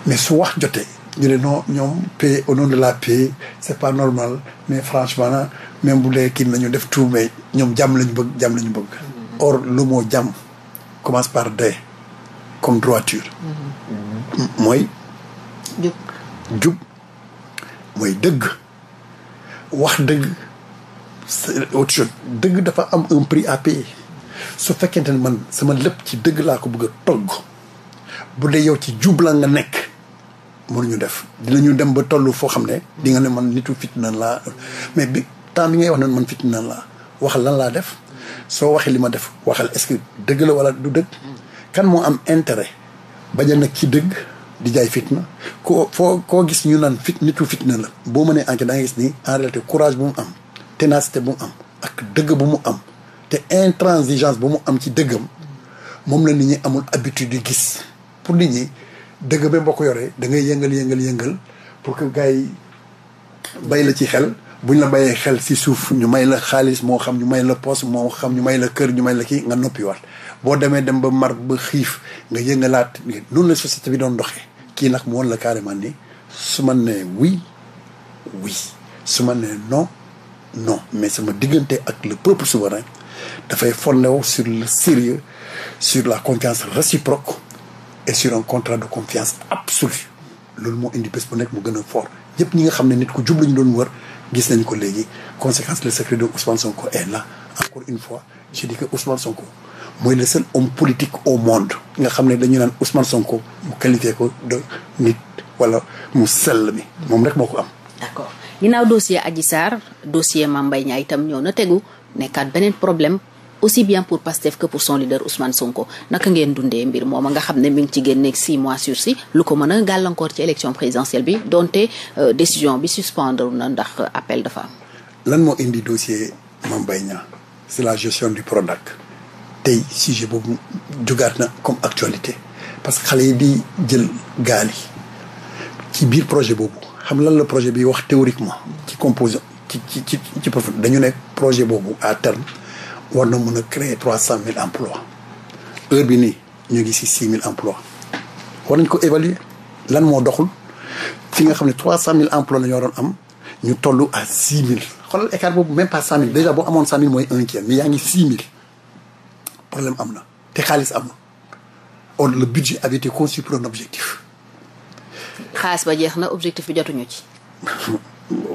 mais su wax jotee. ñu ne non ñoom paix au nom de la paix c'est pas normal mais franchement na même bu dee kii nañu def tout mais ñoom jàmm lañu bëgg jàmm lañu bëgg. or le mot jàmm commence par D. comme droiture. Mm-hmm. mooy. jub mooy dëgg. wax dëgg c'est dëgg dafa am un prix à su fekkente ne man sama lëpp ci dëgg laa ko bëgg togg bu dee yow ci jub nga nekk. mënuñu def dinañu dem ba tollu foo xam ne di nga ne man nitu fitna laa mais bi temps bi ngay wax noonu man fitna laa wax lan laa def soo waxee li ma def waxal est-ce dëgg la walla du dëgg. kan moo am intérêt bañ a nag ci dëgg di jaay fitna ko foo koo gis ñu naan fit nitu fitna la boo mënee enquête da gis ni en réalité courage bu mu am ténacité bu mu am ak dëgg bu mu am te intransigeance bu mu am ci dëggam moom la nit ñi amul habitude yi gis pour nit ñi dëgg ba boo ko yoree da ngay yëngal yëngal yëngal pour que gars yi bay la ci xel buñ la bayee xel si suuf ñu may la xaalis moo xam ñu may la poste moo xam ñu may la kër ñu may la kii nga noppiwaat boo demee dem ba mar ba xiif nga yëngalaat noonu la société bi doon doxee kii nag mu woon la carrément ni su ma nee oui oui su ma nee non non mais sama diggante ak le peuple souverain dafay fonnew sur le sérieux sur la confiance réciproque et sur un contrat de confiance absolue loolu moo indi bés bu nekk mu gën a fort yëpp ñi nga xam ne nit ku jub lañu doon wër gis nañ ko léegi conséquence le secret de Ousmane Sonko est là encore une fois je dis mooy le seul homme politique au monde nga xam ne dañu naan Ousmane Sonko mu qualifié ko de nit wala mu sell mi moom rek moo ko am. d'accord ginnaaw dossier Adji Sarr dossier Mame Mbaye Niang itam ñëw na tegu nekkaat beneen problème aussi bien pour Pastef que pour son leader Ousmane Sonko naka ngeen dundee mbir moom nga xam ne mi ngi ci nekk 6 mois sursis lu ko mën a gàllankoor ci élection présidentielle bi donte euh, décision bi suspendre na ndax appel dafa am. lan moo indi dossier Mame Mbaye Niang c'est la gestion du tey sujet boobu jugaat na comme actualité parce que xale yi di jël gaal ci biir projet boobu xam lan la projet bi wax théoriquement ci composé ci ci ci ci dañu nekk projet boobu à terme war na mën a créer trois cent mille emplois heure bi nii ñu ngi si six mille emplois war nañ ko évaluer lan moo doxul fi nga xam ne trois cent mille emplois la ñu waroon am ñu toll à six mille a écart boobu même pas cent mille déjà boo amoon cent mille mooy un tiers mais ngi six problème am na te xaalis amul or le budget avait été conçu pour un objectif. xaalis ba jeex na objectif bi jotuñu ci.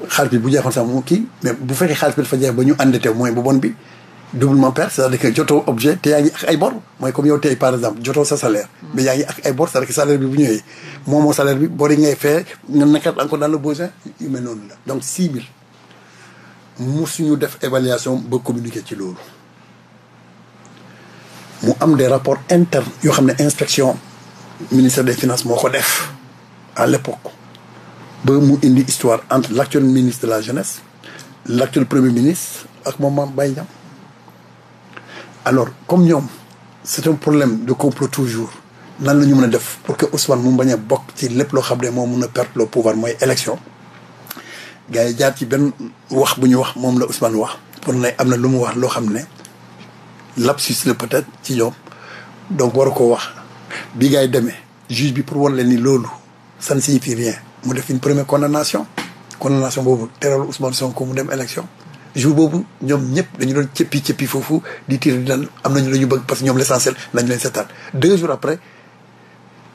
xaalis bi bu jeexoon sax mu kii mais bu fekkee xaalis bi dafa jeex ba ñu endetté mooy bu bon bi doublement perte c'est-à-dire que jotoo objet te yaa ngi ak ay bor mooy comme yow tey par exemple joto sa salaire. mais yaa ngi ak ay bor c'est-à-dire que salaire bi bu ñëwee moom moo salaire bi bor yi ngay fee nga nekkat encore dans le besoin yu mel noonu la donc 6 000 mu suñu def évaluation ba communiquer ci loolu. mu am de rapport internes yoo xam ne inspection ministère des finances moo ko def à l'époque ba mu indi histoire entre l'actuel ministre de la jeunesse l'actuel premier ministre ak moom Mame Mbaye Niang alors comme ñoom c'est un problème de complot toujours nan la ñu mën a def pour que Ousmane mu bañ a bokk ci lépp loo xam ne moo mën a perdre le pouvoir mooy élection gars yi jaar ci benn wax bu ñu wax moom la Ousmane wax pour ne am na lu mu wax loo xam ne lapsus la peut-être ci ñoom donc war a ko wax bi gaay demee juge bi pour wan leen ni loolu ça ne rien mu def une première condamnation condamnation boobu teral Ousmane Sonko mu dem élection jour boobu ñoom ñëpp dañu doon céppi cëppi foofu di tiir di daan am nañu la ñu bëgg parce que ñoom l'essentiel nañu leen seetaan deux jours après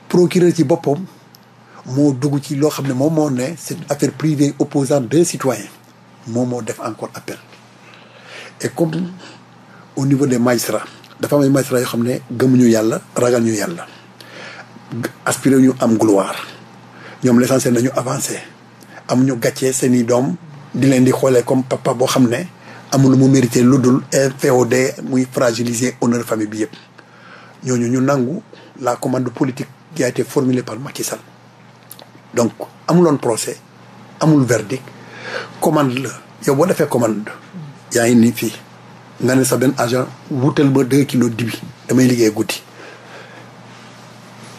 procureur ci boppam moo dugg ci loo xam ne moom moo ne c'est une affaire privée opposant deux citoyens moom moo def encore appel au niveau de magistrats dafa am ay yoo xam ne gëmuñu yàlla ragal ñu yàlla aspiré ñu am gloire ñoom l'essentiel nañu avancé am ñu gàccee seen i doom di leen di xoolee comme papa boo xam ne amul mu mérité lu dul FOD muy fragiliser honneur famille bi yëpp ñooñu ñu nangu la commande politique qui a été formulée par Macky donc amuloon procès amul verdict commande la yow boo defee commande yaa ngi nii fii nga ne sa benn agent wutal ma deux kilos dibi damay liggéey guddi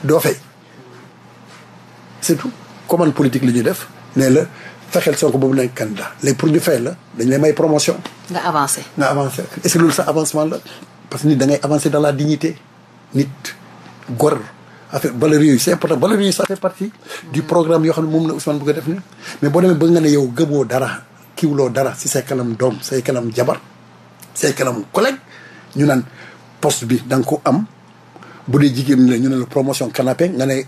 doo fay c'est tout commande politique li ñu def ne la fexeel Sonko boobu nekk candidat léegi pour ñu fay la dañ lay may promotion. nga avancer nga avancé est-ce loolu sa avancement la parce que nit da ngay avancer dans la dignité nit gor affaire valeurs yooyu c'est important valeurs yooyu ça fait partie du programme yoo xam ne moom la Ousmane bëgg a def nii mais boo demee ba nga ne yow gëmoo dara kiwloo dara si say kanam doom say jabar say kanam collègue ñu naan post bi da ko am bu dee jigéen ñi la ñu ne la promotion canapé nga ne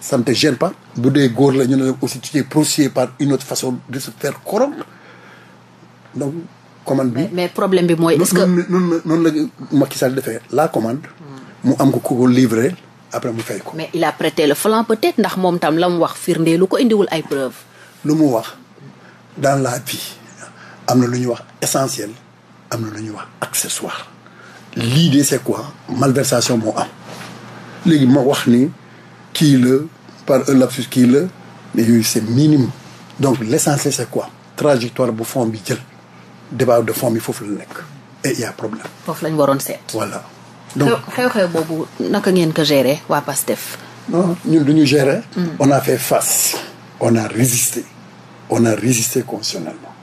ça ne te pas bu dee góor la ñu ne la aussi tu es procédé par une autre façon de se faire corrompre donc commande bi mais problème bi mooy. est-ce que noonu noonu la Macky Sall defee la commande. mu am ko ko livré après mu fay ko. mais il a prêté le flanc peut ndax moom tam la mu wax firndeelu ko indiwul ay preuves. lu mu wax dans la vie am na lu ñuy wax essentiel. am na lu ñuy wax accessoire lii de c'est quoi malversation moo am léegi ma wax ni kii la par un lapsus kii la mais yooyu c'est minime donc l'essentiel c'est quoi trajectoire bu fond bi jël débat de fond bi foofu la nekk et il problème. foofu lañ waroon seet. voilà donc xew-xew boobu naka ngeen ko gérer waa PASTEF. non ñun du ñu mm. on a fait face. on a résisté. on a résisté constitutionnellement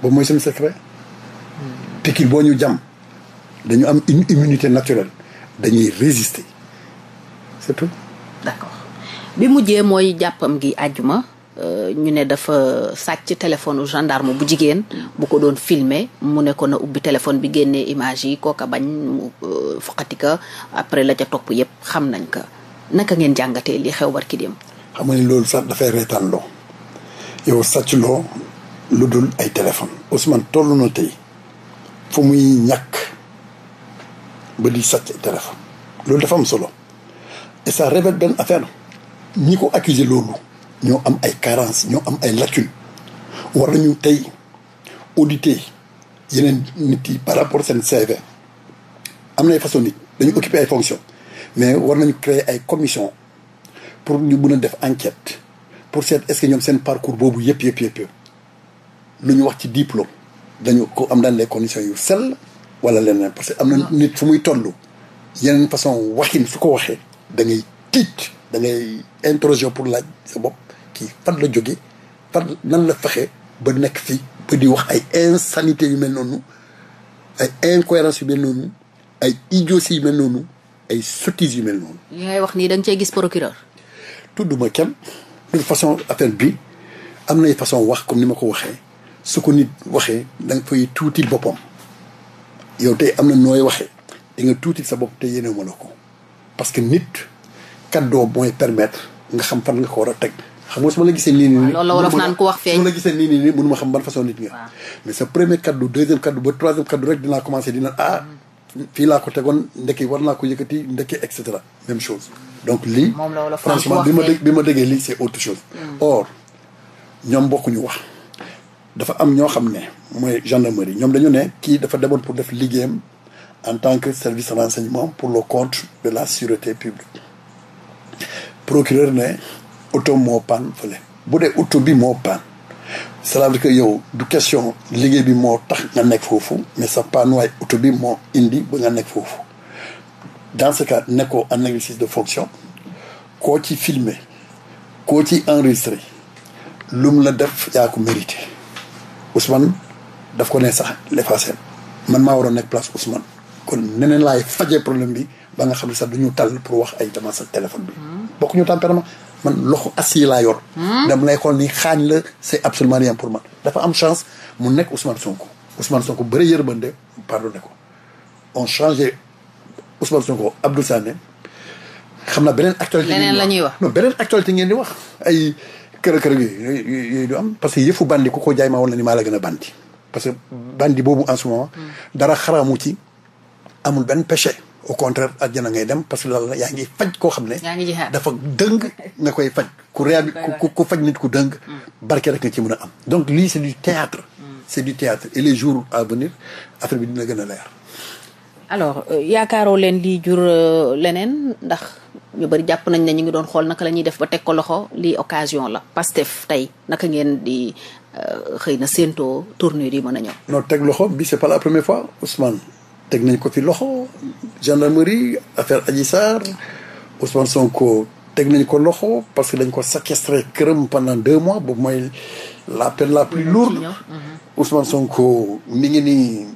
boobu mooy suñu secret. Tekki boo ñu jam dañu am une immunité naturelle dañuy résister c'est tout. d'accord bi mujjee mooy jàppam gi àjjuma euh, ñu ne dafa sàcc téléphone gendarme bu jigéen bu ko doon filmer mu ne ko na ubbi téléphone bi génnee image yi kooka bañ mu euh, après la ca topp yépp xam nañ ko naka ngeen jàngatee li xew barki dem xam nga loolu sax dafay reetaan loo yow sàcc loo lu dul ay téléphone Ousmane tollu na tey fu muy ñàkk ba di sàcc téléphone loolu dafa am solo et ça révèle benn affaire ñi ko accuser loolu ñoo am ay carence ñoo am ay lacune war nañu tey auditer yeneen nit yi par rapport seen CV am na ay façon nit dañu occuper ay fonctions mais war nañu créer ay commission pour ñu mun a def enquête pour seet est-ce ñoom seen parcours boobu yëpp yëpp yëpp lu ñu wax ci diplôme dañu ko am daan les conditions yu sell wala leneen parce que am na nit fu muy toll yeneen façon waxin fu ko waxee dangay ngay tiit da ngay interroger pour laaj sa bopp kii fan la jóge fan nan la fexe ba nekk fi ba di wax ay insanité yu mel noonu ay incohérence yu mel noonu ay idiotie yu mel noonu ay sottise yu mel noonu. li ngay wax nii da nga cee gis procureur. tudduma kenn de façon affaire bi am nay façon wax comme ni ma ko waxee. su ko nit waxee da fay tuuti boppam yow tey am na nooy waxee di nga tuuti sa bopp te yéene ma la ko parce que nit kaddoo mooy permettre nga xam fan nga ko war a teg xam nga su ma la gisee nii nii loolu wolof naan ko wax feeñ la gisee nii nii nii mënu ma xam ban façon nit nga mais sa premier kaddu deuxième kaddu ba troisième kaddu rek dinaa commencé dina ah fii laa ko tegoon ndekki war naa ko yëkkati ndekki et cetera même chose donc lii franchement bi ma dégg bi ma déggee lii c'est autre chose mm. or ñoom bokkuñu wax dafa am ñoo xam ne mooy gendarmerie ñoom dañu ne kii dafa demoon pour def liggéeyam en tant que service renseignement pour le compte de la sûreté publique procureur ne auto moo paan fële bu dee auto bi moo paan cela veut dire que yow du question liggéey bi moo tax nga nekk foofu mais sa paanuwaay auto bi moo indi ba nga nekk foofu dans ce cas nekkoo en exercice de fonction koo ci filme koo ci enregistré lu mu la def yaa ko mérité Ousmane daf ko ne sax l'effacé man maa waroon nekk place Ousmane kon neneen laay fajee problème bi ba nga xam ne sax du ñu tal pour wax ay dama sax téléphone bi. Hmm. bokk ñu tempérament man loxo assis laa yor. Hmm. dam lay xool ni xaañ la c'est absolument rien pour man dafa am chance mu nekk Ousmane Sonko Ousmane Sonko bëri yërmande pardonné ko on changé Ousmane Sonko Abdou ne xam na beneen actualité. leneen la ñuy wax non beneen actualité ngeen di wax ay. kër kër gi yooyu du am parce que yëfu bandi ku ko jaay maa woon la ni maa la gën a bandi parce que bandi boobu en ce moment mm. dara xaraamu ci amul benn péché au contraire àjjana ngay dem parce que lan la yaa ngi faj koo xam ne dafa dëng nga koy faj ku réhabi ku faj nit ku dëng mm. barke rek nga ci mën a am donc lii c'est du théâtre mm. c'est du théâtre et les jours à venir affaire bi dina gën a leer alors euh, yaakaaroo leen di jur euh, leneen ndax ñu bari jàpp nañ ne ñu ngi doon xool naka lañuy def ba teg ko loxo lii occasion la Pastef tey naka ngeen di euh, xëy na séentoo tournure yi mën a ñëw. non teg loxo bi c'est pas la première fois Ousmane teg nañ ko fi loxo gendarmerie affaire Adji Sarr Ousmane Sonko teg nañ ko loxo parce que dañ ko séquestré këram pendant deux mois boobu mooy la peine la plus lourde mhm. Ousmane Sonko mi ngi nii.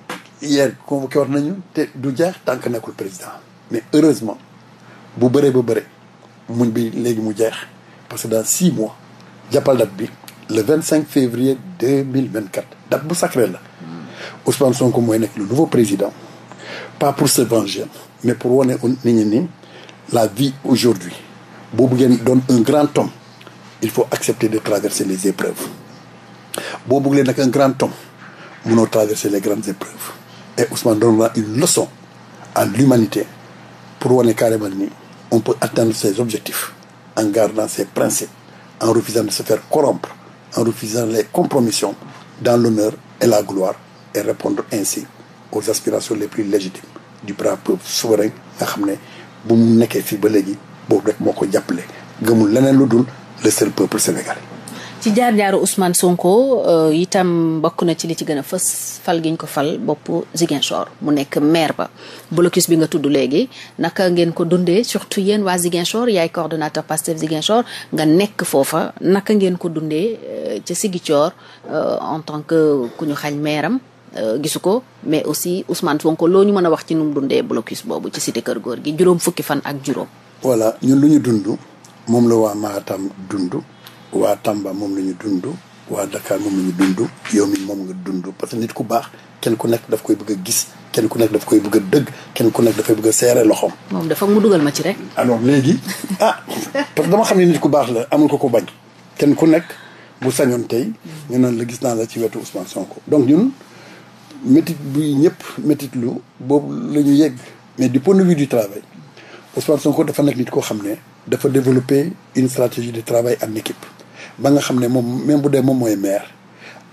hier convoqué war nañu te du jeex tant que nekkul président mais heureusement bu bëree ba bëre muñ bi léegi mu jeex parce que dans six mois jàppal date bi le vingt cinq février deux mille vingt quatre date bu sacré la Ousmane Sonko mooy nekk le nouveau président pas pour se venger mais pour wane nit ñi ni la vie aujourd'hui boo bëggee doon un grand homme il faut accepter de traverser les épreuves boo leen nag un grand homme mënoo traverser les grandes épreuves et Ousmane donnera une leçon à l'humanité pour wane carrément ni on peut atteindre ses objectifs en gardant ses principes en refusant de se faire corrompre en refusant les compromissions dans l'honneur et la gloire et répondre ainsi aux aspirations les plus légitimes du brave peuple souverain nga xam ne bu mu nekkee fii ba léegi boobu rek moo ko jàppale gëmul leneen lu dul le seul peuple sénégal ci jaar-jaaru Ousmane Sonko euh, itam bokk na ci li ci gën a fës fal giñ ko fal bopp Ziguinchor mu nekk maire ba blocus bi nga tudd léegi naka ngeen ko dundee surtout yéen waa Ziguinchor yaay coordonnateur Pastef Ziguinchor nga nekk foofa naka ngeen ko dundee euh, ca Ziguinchor euh, en tant que ku ñu xañ maire am gisu ko mais aussi Ousmane Sonko loo ñu mën a wax ci nu dundee blocus boobu ci cité kër góor gi juróom fukki fan ak juróom. voilà ñun lu ñu dund moom la waa Matam dund. waa Tamba moom la ñu dund waa Dakar moom la ñu dund yow mi moom nga dund parce que nit ku baax kenn ku nekk daf koy bëgg a gis kenn ku nekk daf koy bëgg a dëgg kenn ku nekk dafay bëgg a seere loxoom. moom dafa mu dugal ma ci rek. alors léegi *laughs* ah parce que dama xam ne nit ku baax la amul ko ko bañ kenn ku nekk bu sañoon tey ñu naan la gis naa la ci wetu Ousmane Sonko donc ñun métit bu ñëpp métit lu boobu la ñu yegg mais du point de vue du travail Ousmane Sonko dafa nekk nit koo xam ne dafa développer une stratégie de travail en équipe. ba nga xam ne moom même bu dee moom mooy maire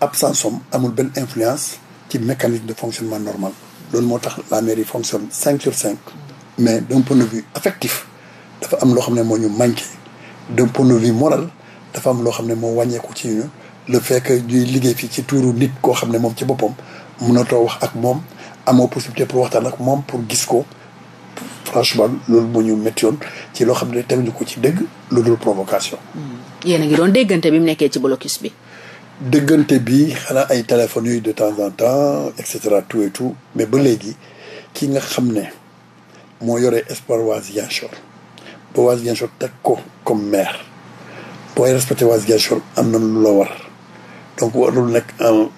absence am amul benn influence ci mécanisme de fonctionnement normal loolu moo tax la mairie fonctionne cinq sur cinq mais d'un point de vue affectif dafa am loo xam ne moo ñu manqué de point de vue moral dafa am loo xam ne moo wàññeeku ci ñu le fekk ñuy liggéey fii ci tuuru nit koo xam ne moom ci boppam mun a too wax ak moom amoo possibilité pour waxtaan ak moom pour gis ko franchement loolu moo ñu métti yoon ci loo xam ne teguñu ko ci dégg lu dul provocation. Hmm. yéen a ngi doon déggante bi mu nekkee ci blocus bi. dëggante bi xanaa ay téléphones yooyu de temps en temps et cetera tout et tout mais ba léegi ki nga xam ne moo yore espoir waa Ziguinchor ba waa Ziguinchor teg ko comme maire booy respecté waa Ziguinchor am na lu la war donc warul nekk en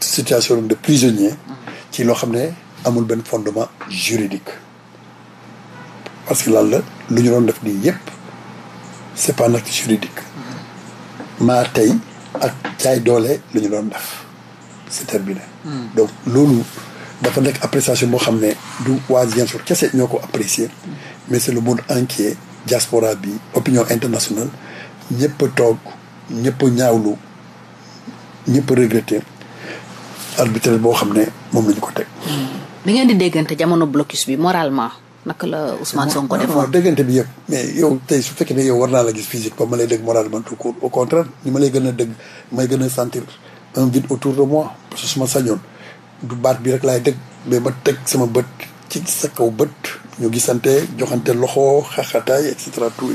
situation de prisonnier hmm. ci loo xam ne. amul benn fondement juridique parce que lan la lu ñu doon def nii yépp c'est pas un acte juridique maa tey ak jaay doole lu ñu doon def c'est terminé hmm. donc loolu dafa nekk appréciation boo xam ne du waa Ziguinchor kese ñoo ko apprécier mais c'est le monde entier diaspora bi opinion internationale ñëpp toog ñëpp a ñaawlu ñëpp a regretter boo xam ne moom la ko teg hmm. bi ngeen di déggante jamono blocus bi moralement naka la Ousmane Sonko defoon bi yëpp mais yow tey su fekkee ne yow war naa la gis physique ba ma lay dégg moralement tout court au contraire ni ma gën a dégg may gën a sentir un vide autour de moi parce du baat bi rek laay dégg mais ma teg sama bët ci sa kaw bët ñu gisante joxante loxo xaxataay et cetera tout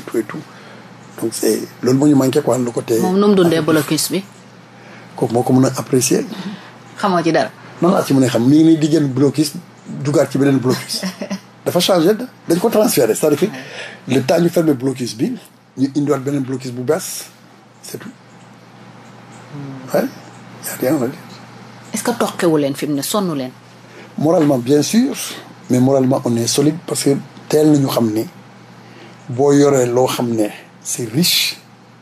loolu moo ñu manqué quoi lu ko tee moom nu mu dundee blocus bi kooku moo ko mën a apprécier xamoo ci dara nan laa ci mën a xam mi ngi nii di génn blocus dugaat ci beneen blocus *laughs* dafa changé dañ ko transféré c'est-à-dire que le temps ñu fermé blocus bi ñu indiwaat beneen blocus bu bees c'est tout hmm. est-ce que leen fi mu moralement bien sûr mais moralement on est solide parce que teel nañu xam ni boo yoree loo xam ne c'est riche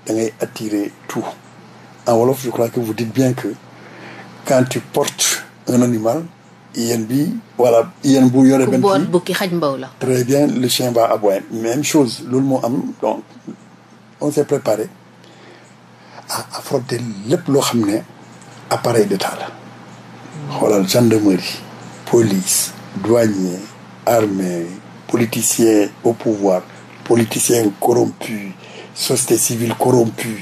da ngay attirer tout en wolof je crois que vous dites bien que quand tu un animal hyène bi voilà hyène bu yore benn boot bukki xaj mbaw très bien le chien va aboyer même chose loolu moo am donc on s'est préparé à affronter lépp loo xam ne appareil d'état la xoolal gendarmerie police douanier armée politicien au pouvoir politicien corrompu société civile corrompue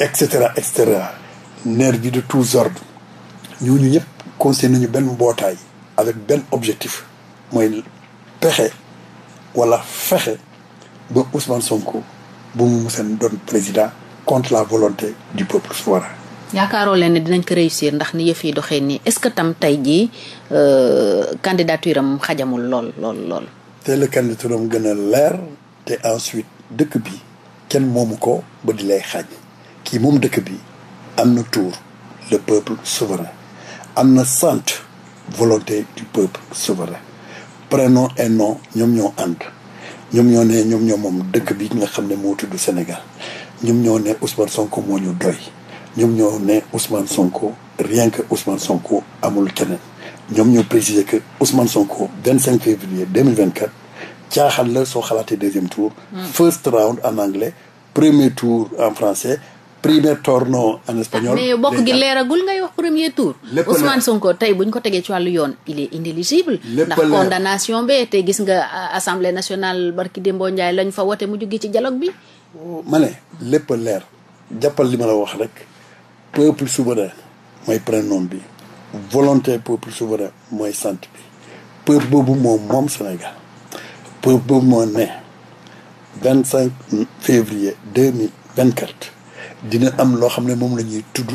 et cetera et cetera nervi de tous ordres ñu ñëpp conseil nañu benn mbootaay avec benn objectif mooy pexe wala fexe ba Ousmane Sonko bu mu museen doon président contre la volonté du peuple souverain. yaakaaroo leen dinañ ko réussir ndax ni yëf yi doxee nii est-ce que tam tey jii euh, candidature am xajamul lool lool te la candidature am gën a leer te ensuite dëkk bi kenn moomu ko ba di lay xaaj kii moom dëkk bi am na tour le peuple souverain. am na sainte volonté du peuple souverain prénom et nom ñoom ñoo ànd ñoom ñoo ne ñoom ñoo moom dëkk bi nga xam ne moo tudd Sénégal ñoom ñoo ne Ousmane Sonko moo ñu doy ñoom ñoo ne Ousmane Sonko rien que Ousmane Sonko amul keneen ñoom ñoo préciser que Ousmane Sonko 25 février 2024 caaxaan la soo xalaatee deuxième tour. Hmm. first round en anglais premier tour en français primer torno en espagnol. bokk gi leeragul ngay wax premier tour. lépp la Ousmane tey buñ ko tegee ci wàllu yoon il est inéligible. ndax condamnation be te gis nga assemblée nationale barki Dembo Ndiaye lañ fa wote mu jóge ci dialogue bi. ma ne lépp leer jàppal li ma la wax rek peuple souverain mooy prénom bi volonté peuple souverain mooy sant bi peuple boobu moom moom Sénégal peuple boobu moo ne vingt cinq février dina am loo xam ne moom la ñuy tudd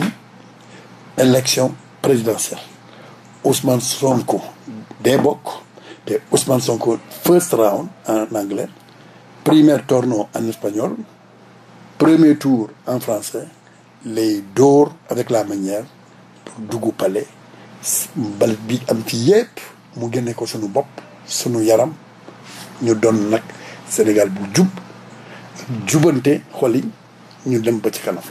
élection présidentielle Ousmane Sonko day bokk te Ousmane Sonko first round en anglais premier tour en espagnol premier tour en français lay dóor avec la manière pour dugg palais mbalit bi am fi yépp mu génne ko suñu bopp sunu yaram ñu doon nag Sénégal bu jub jubante xol ñu dem ba ci kanam.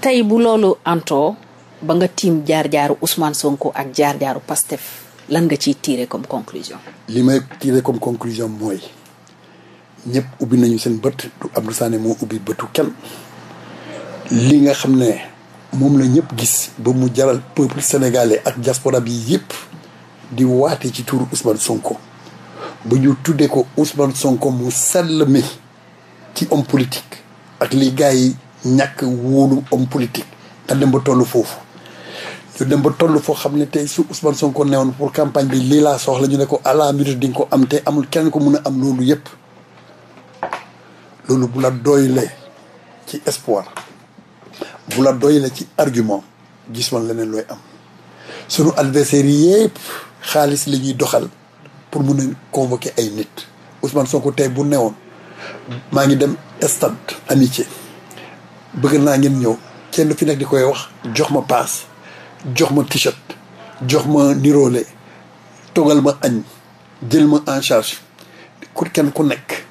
tey bu loolu antoo ba nga tiim jaar-jaaru Ousmane Sonko ak jaar-jaaru Pastef lan nga ci tirer comme conclusion. li may tirer comme conclusion mooy ñëpp ubbi nañu seen bët du Abdou Sané moo ubbi bëtu kenn li nga xam ne moom la ñëpp gis ba mu jaral peuple sénégalais ak diaspora bi yëpp di waate ci turu Ousmane Sonko ba ñu tuddee ko Ousmane Sonko mu sell mi ci homme politique ak li gars yi ñàkk wóolu homme politique nga dem ba toll foofu ñu dem ba toll foo xam ne tey su Ousmane Sonko newoon pour campagne bi lii laa soxla ñu ne ko à la minute di nga ko am te amul kenn ko mun a am loolu yëpp loolu bu la doylee ci espoir bu la doylee ci argument gis man leneen looy am sunu adversaire yëpp xaalis li ñuy doxal pour mun a convoquer ay nit Ousmane Sonko tey bu newoon maa ngi dem stade amitié bëgg naa ngeen ñëw kenn fi nekk di koy wax jox ma paas jox ma t-shirt jox ma niroole toggal ma añ jël ma en charge ku kenn ku nekk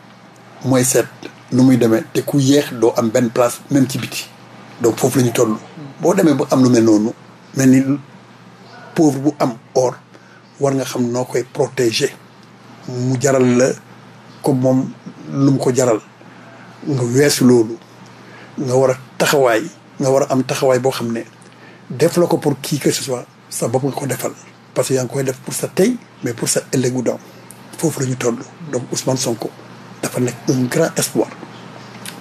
mooy seet nu muy demee te ku yéex doo am benn place même ci biti donc foofu la ñu toll boo demee ba am lu mel noonu mel ni pauvre bu am or war nga xam noo koy protégé mu jaral la comme moom lu mu ko jaral nga weesu loolu nga war a taxawaay nga war a am taxawaay boo xam ne def la ko pour qui que ce soit sa bopp nga ko defal parce que yaa ngi koy def pour sa tey mais pour sa ëllëgu doom foofu la ñu toll donc Ousmane Sonko dafa nekk un grand espoir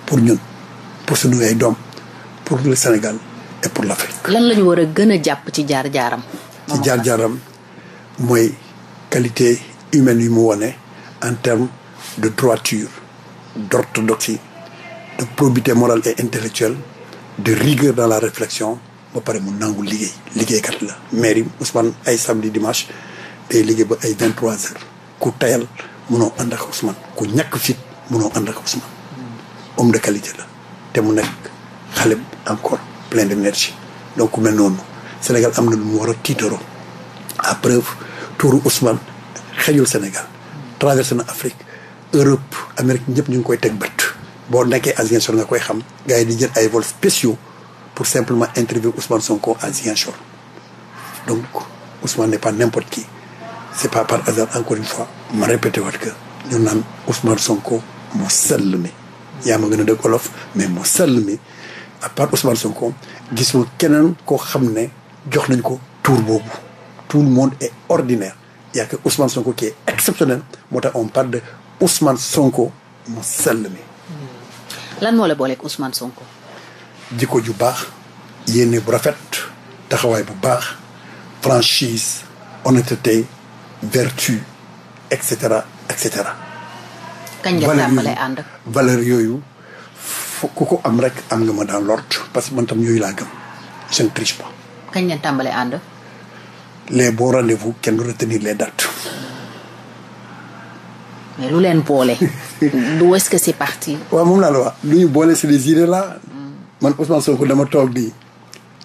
pour ñun pour suñu ay doom pour le Sénégal et pour l'Afrique lan la ñu war a gën a jàpp ci jaar-jaaram ci jaar-jaaram mooy qualité humaine yu mu wone en termes de droiture d'orthodoxie de probité morale et intellectuelle de rigueur dans la réflexion ba pare mu nangu liggéey liggéeykat la maire yi ay samedi dimanche day liggéey ba ay vingt trois heures ku tayal munoo ànd ak Ousmane ku ñàkk fit munoo ànd ak Ousmane de qualité la te mu nekk xale encore plein d'énergie donc mel noonu Sénégal am na lu mu war a tiitaroo à preuve tuuru Ousmane Sénégal traversé na Afrique Europe Amérique ñëpp ñu ngi koy teg bët boo nekkee à Ziguinchor nga koy xam gars di jël ay vols spéciaux pour simplement interviewer Ousmane Sonko à donc Ousmane n'est pas n'importe qui c'est par hasard encore une ma répété waat que ñu naan Sonko mu sell mi yaa ma gën a dëkk olof mais mu sell mi à part Ousmane Sonko gisuma keneen ko xam ne jox nañ ko tour boobu tout le monde est ordinaire y a que Ousmane Sonko qui est exceptionnel moo tax on parle de Ousmane Sonko mu sell mi lan moo la booleeg Ousmane Sonko. jikko ju baax yéene bu rafet taxawaay bu baax franchise honnêteté vertu et cetera et cetera. kañ nga tàmbalee ànd valeur yooyu ku ko am rek am nga ma daan l'ordre parce que man tam yooyu laa gëm je ne kañ ngeen tàmbalee ànd. les boo rendez-vous kenn retenir les dates. mais lu leen boole. *laughs* du est-ce que c'est parti. waaw moom laa la wax lu ñu boole c'est des idées la man Ousmane Sonko dama toog di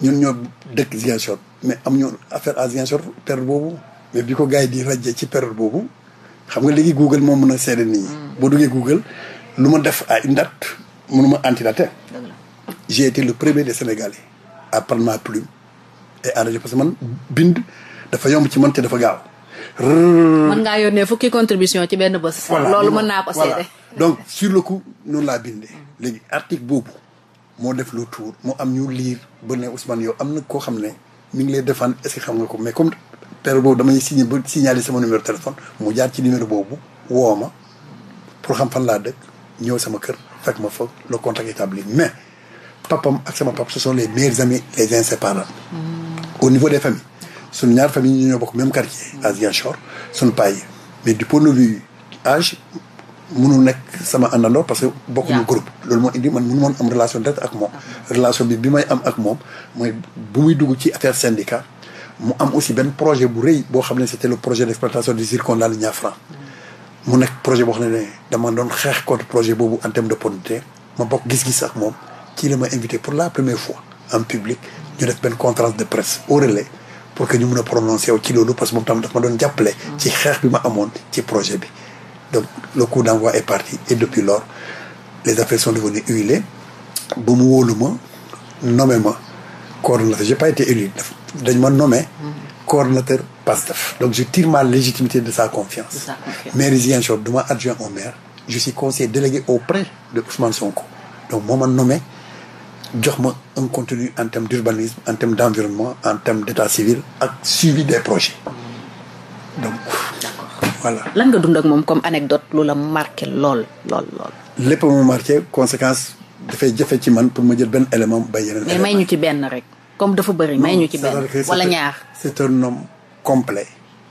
ñun ñoo dëkk Ziguinchor mais am ñu affaire à Ziguinchor période boobu mais bi ko gars yi di rajjee ci période boobu xam nga léegi Google moom mën a seede nit mm. boo duggee Google lu ma def à une date mënuma antidater. j'ai été le premier des Sénégalais à prendre ma plume et à rajo parce que man bind dafa yomb ci man te dafa gaaw. mën ngaa ne fukki contribution ci benn bés. voilà loolu mën naa ko seede. donc sur le coup noonu laa bindee. léegi article boobu moo def le tour moo am ñu liir ba ne aussi Ousmane yow am na koo xam ne mi ngi lay defan est xam nga ko mais comme période boobu damay signé ba signalé sama numéro téléphone moo jaar ci numéro boobu woo ma pour xam fan laa dëkk ñëw sama kër fekk ma fa le contact établi mais papam ak sama pap ce sont les meilleurs amis les inséparables. Hmm. au niveau suñu ñaar famille ñu ñoo bokk même quartier à Ziguinchor suñu paa yi mais du point de vue âge mënul nekk sama àndandoo parce que bokkuñu groupe loolu moo indi man mënu moon am relation direct ak moom relation bi bi may am ak moom mooy bu muy dugg ci affaire syndicat mu am aussi benn projet bu rëy boo xam ne c'était le projet d'exploitation du zircon dans le Niafran mu nekk projet boo xam ne dama doon xeex contre projet boobu en terme de producteur ma bokk gis-gis ak moom ci la ma invité pour la première fois en public ñu def benn conférence de presse au pour que ñu mun a prononcé wu ci loolu parce que moom tam dafa ma doon jàppale. ci xeex bi ma amoon ci projet bi. donc le coup d'envoi est parti et depuis lors les affaires sont devenues huilées ba mu wóolu ma nommé ma coordonnateur j'ai pas été élu dañ ma nommé coordonnateur PASTEF donc je tire ma légitimité de sa confiance. de sa confiance maire Ziguinchor du ma adjoint au maire je suis conseiller délégué auprès de Ousmane Sonko donc moo ma nommé. jox ma un continue en termes d'urbanisme en termes d'environnement en termes d'état civil ak suivi des projets donc voilà. lan nga dund ak moom comme anecdote lu la marqué lool lool lool. lépp mu marqué conséquence dafay jafe ci man pour ma jël benn élément bay yeneen. mais may ñu ci benn rek comme dafa bëri may ñu ci benn wala ñaar. c'est un homme complet.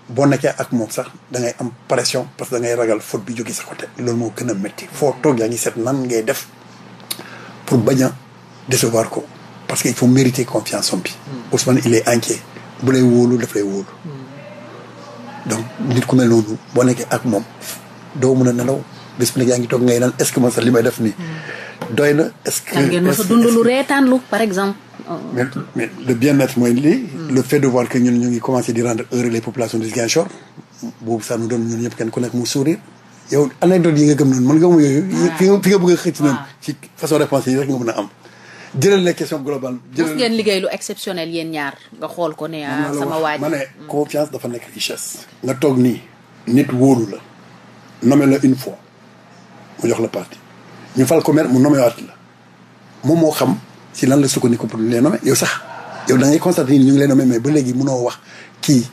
boo nekkee ak moom sax da ngay am pression parce que da ngay ragal faute bi jóge sa côté. loolu moo gën a métti foo toog yaa ngi seet nan ngay def pour décevoir ko parce que il faut mériter confiance am hmm. bi. Ousmane il est inquiet bu lay wóolu daf lay wóolu. Hmm. donc nit ku mel noonu boo nekkee ak moom doo mën a nelaw bés bu nekk yaa ngi toog ngay naan est-ce que def nii. Hmm. doy na est-ce a lu reetaan lu par exemple. le bien-être mooy lii. le fait de voir que ñun ñu ngi commencé di rendre heureux les populations de Ziguinchor. boobu sax nu doon ñun ñëpp kenn ku nekk mu sourire. yow anecdote yi nga gëm noonu ah. a xëcc noonu. Ah. a am. jëlal la question globale. jëlal ngeen liggéey lu exceptionnel yéen ñaar nga xool ko ne. Ah, sama waaj ma ne mm. confiance dafa nekk richesse. nga toog nii nit wóolu la nome la une fois mu jox la parti ñu fal ko mu nommé la moom moo xam si lan la sukkandiku pour ñu lay yow sax yow da ngay constaté ñu ngi leen nommé mais ba léegi mënoo wax kii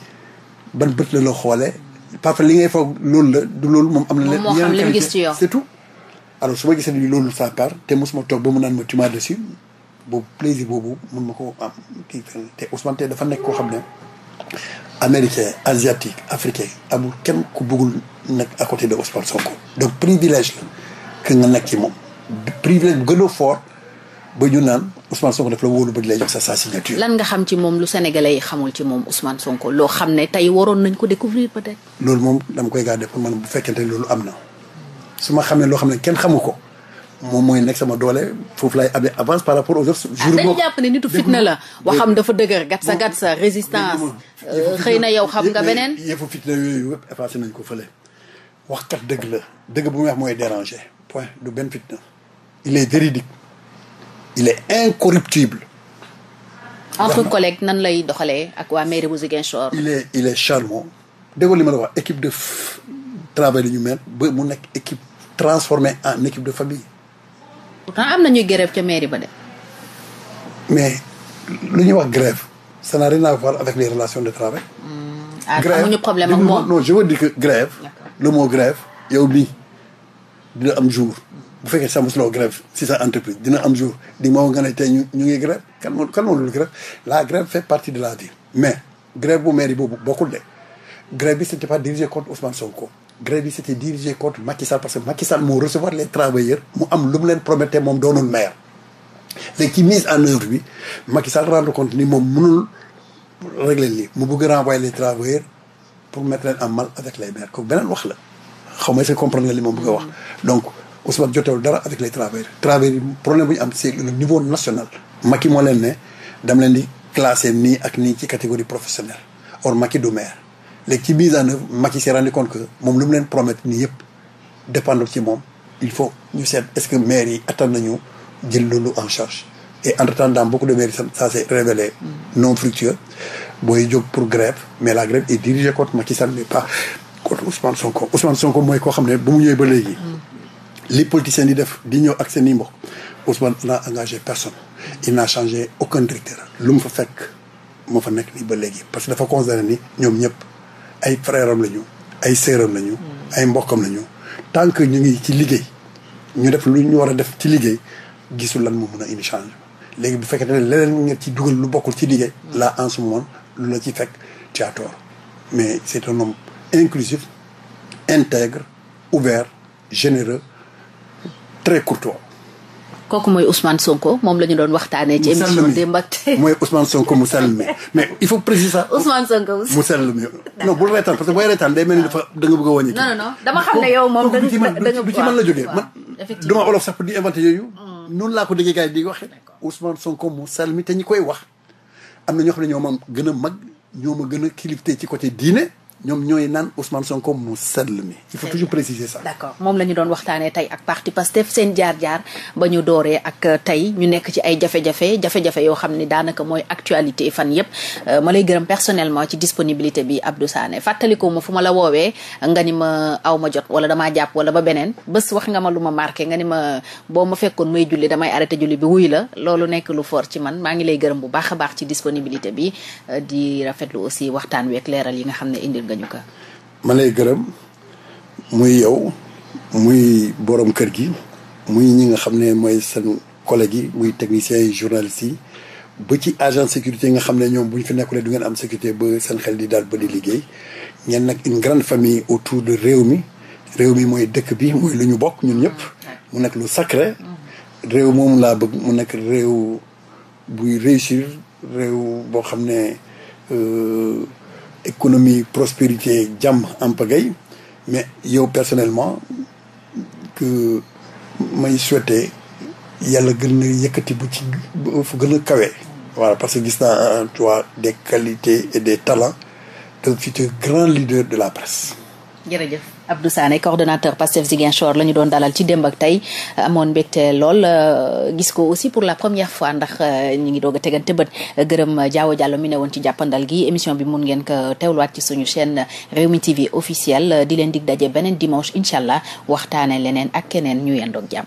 ban bët la la xoolee. parce que li ngay foog loolu la du loolu moom am na leen. moom moo mu gis ci yow c'est tout su ma gisee loolu saa part te mosuma toog ba mu naan ma tu m'as déçu boobu plaisir boobu mun ma ko am kii fenn te Ousmane Teye dafa nekk koo xam ne américain asiatique africain amul kenn ku buggul nekk à côté de Ousmane Sonko. donc privilège la que nga nekk ci moom. privilège bu gën a fort ba ñu naan Ousmane Sonko daf la wóolu ba di lay jox sa sa xam ci moom lu sénégalais yi xamul ci moom Ousmane Sonko loo xam ne tey waroon nañ ko découvrir peut-être. loolu moom dama koy garder pour man bu fekkente ne loolu am na su ma xamee loo xam ne kenn xamu ko. moom mooy nekk sama doole foofu laay amee avance par rapport aux autres. Ah, jour dañu jàpp ne nitu fitna la. waxam dafa dëgër gat sa gat sa résistance. Euh, xëy na yow xam nga beneen yëfu fitna yooyu yëpp effacé nañ ko fële. waxkat dëgg la dëgg bu muy wax mooy déranger point du benn fitna. il est véridique il est incorruptible. entre collègues nan lay doxalee ak waa mairie bu Ziguinchor. il est il est charmant. déggoo li ma la wax équipe de travail la ñu mel ba mu nekk équipe transformé en équipe de famille. pourtant am na ñuy grève ca ba mais lu ñuy wax grève ça n'a rien à voir avec les relations de travail. Hmm, ah amuñu problème ak moom non je veux dire que le mot grève yow nii dina am jour. bu fekkee sax mosuloo grève si sa entreprise dina am jour di nga nga ne tey ñu ñu ngi grève kan moo kan moo dul grève la grève fait partie de la vie. mais grève bu mairie boobu bokkul de grève bi c'était pas dirigé contre Ousmane ko grève yi c'était dirigé contre Macky parce que Macky Sall moo recevoir les travailleurs mu am lu mu leen prometté moom doonul maire léegi ci mise en œuvre bi Macky Sall rendre compte ni moom mënul régler lii mu bëgg renvoyer les travailleurs pour mettre leen en mal avec les maires kooku wax la xaw ma est-ce li moom bëgg a wax donc Ousmane jotewul dara avec les travailleurs travailleurs problème bu ñu am c'est le niveau national Macky moo leen ne dama leen di classé nii ak nii ci catégorie professionnelle or Macky du maire léegi ci mise en œuvre Macky s'est rendu compte lu mu leen promettre nii yëpp dépendre ñu seet est-ce que maire yi attan nañu jël loolu en charge et entre-temps dans beaucoup de mairies mais la grève est dirigée contre Macky Sall mais ne bu mu ñëwee ba léegi li politiciens di def ak seen i mbokk Ousmane n'a engagé personne il n'a changé aucun lu mu fa fekk moo fa nekk nii ba léegi parce que dafa considéré ni ñoom ñëpp ay frère am lañu ay sœuram lañu. ay mbokkam lañu. tant que ñu ngi ci liggéey ñu def lu ñu war a def ci liggéey gisul lan moo mun a indi change léegi bu fekkee ne leneen nga ci dugal lu bokkul ci liggéey. la en ce moment lu la ci fekk tu as mais c' est un homme inclusif integre ouvert généreux très courtois. kooku mooy Ousmane Sonko moom la ñu doon waxtaanee. ci émission démb ak tey mooy Ousmane Sonko mu sell mi mais il faut préciser ça. Sonko mu sell da nga bëgg a wàññi. non non dama xam ne yow moom da nga du yooyu. Hmm. noonu laa ko déggee gars yi di waxee Ousmane Sonko mu sell mi te ñi koy wax am na ñoo xam ne ñoo ma gën a mag ñoo ma gën a kilifte ci côté diine ñoom ñooy naan Ousmane Sonko mu sell mi il faut moom lañu doon waxtaanee tey ak parti Pastef seen jaar-jaar ba ñu dooree ak euh, tey ñu nekk ci ay jafe-jafe jafe-jafe yoo xam ne daanaka mooy actualité fan yépp euh, ma lay gërëm personnellement ci disponibilité bi Abdou Sané fàttaliku ma fu ma la woowee nga ni ma aw ma jot wala damaa jàpp wala ba beneen bés wax nga ma lu ma marqué nga ni ma boo ma fekkoon may julli damay arrêté julli bi wuy la loolu nekk lu fort ci man maa ngi lay gërëm bu baax a baax ci disponibilité bi euh, di rafetlu aussi waxtaan week leeral yi nga xam ne indi Gañuka ma lay gërëm muy yow muy borom kër gi muy ñi nga xam ne mooy seen collègues yi muy techniciens yi journalistes yi ba ci agent sécurité nga xam ne ñoom bu ñu fi nekkulee du ngeen am sécurité ba seen xel di daal ba di liggéey ñeen nag une grande famille autour de réew mi réew mi mooy dëkk bi mooy lu ñu bokk ñun ñëpp mu nekk lu sacré réew moom laa bëgg mu nekk réew buy réussir réew boo xam ne euh, économie prospérité jàmm en pagaille mais yow personnellement que may souhaité yàlla gën a yëkkati bu ci fu gën a kawe. voilà parce que gis naa en euh, toi des qualités et des talents d'un ci grand leader de la presse. Abdou Sané coordonnateur Pastef Ziguinchor la ñu doon dalal ci démb ak tey amoon mbégte lool euh, gis ko aussi pour la première fois ndax euh, ñu ngi doog a tegante bët gërëm Diawo Diallo mi ne woon ci jàppandal gi émission bi mun ngeen ko teewluwaat ci suñu chaîne Rewmi TV officielle di leen dig daje beneen dimanche incha allah waxtaane leneen ak keneen ñu yendoog jàmm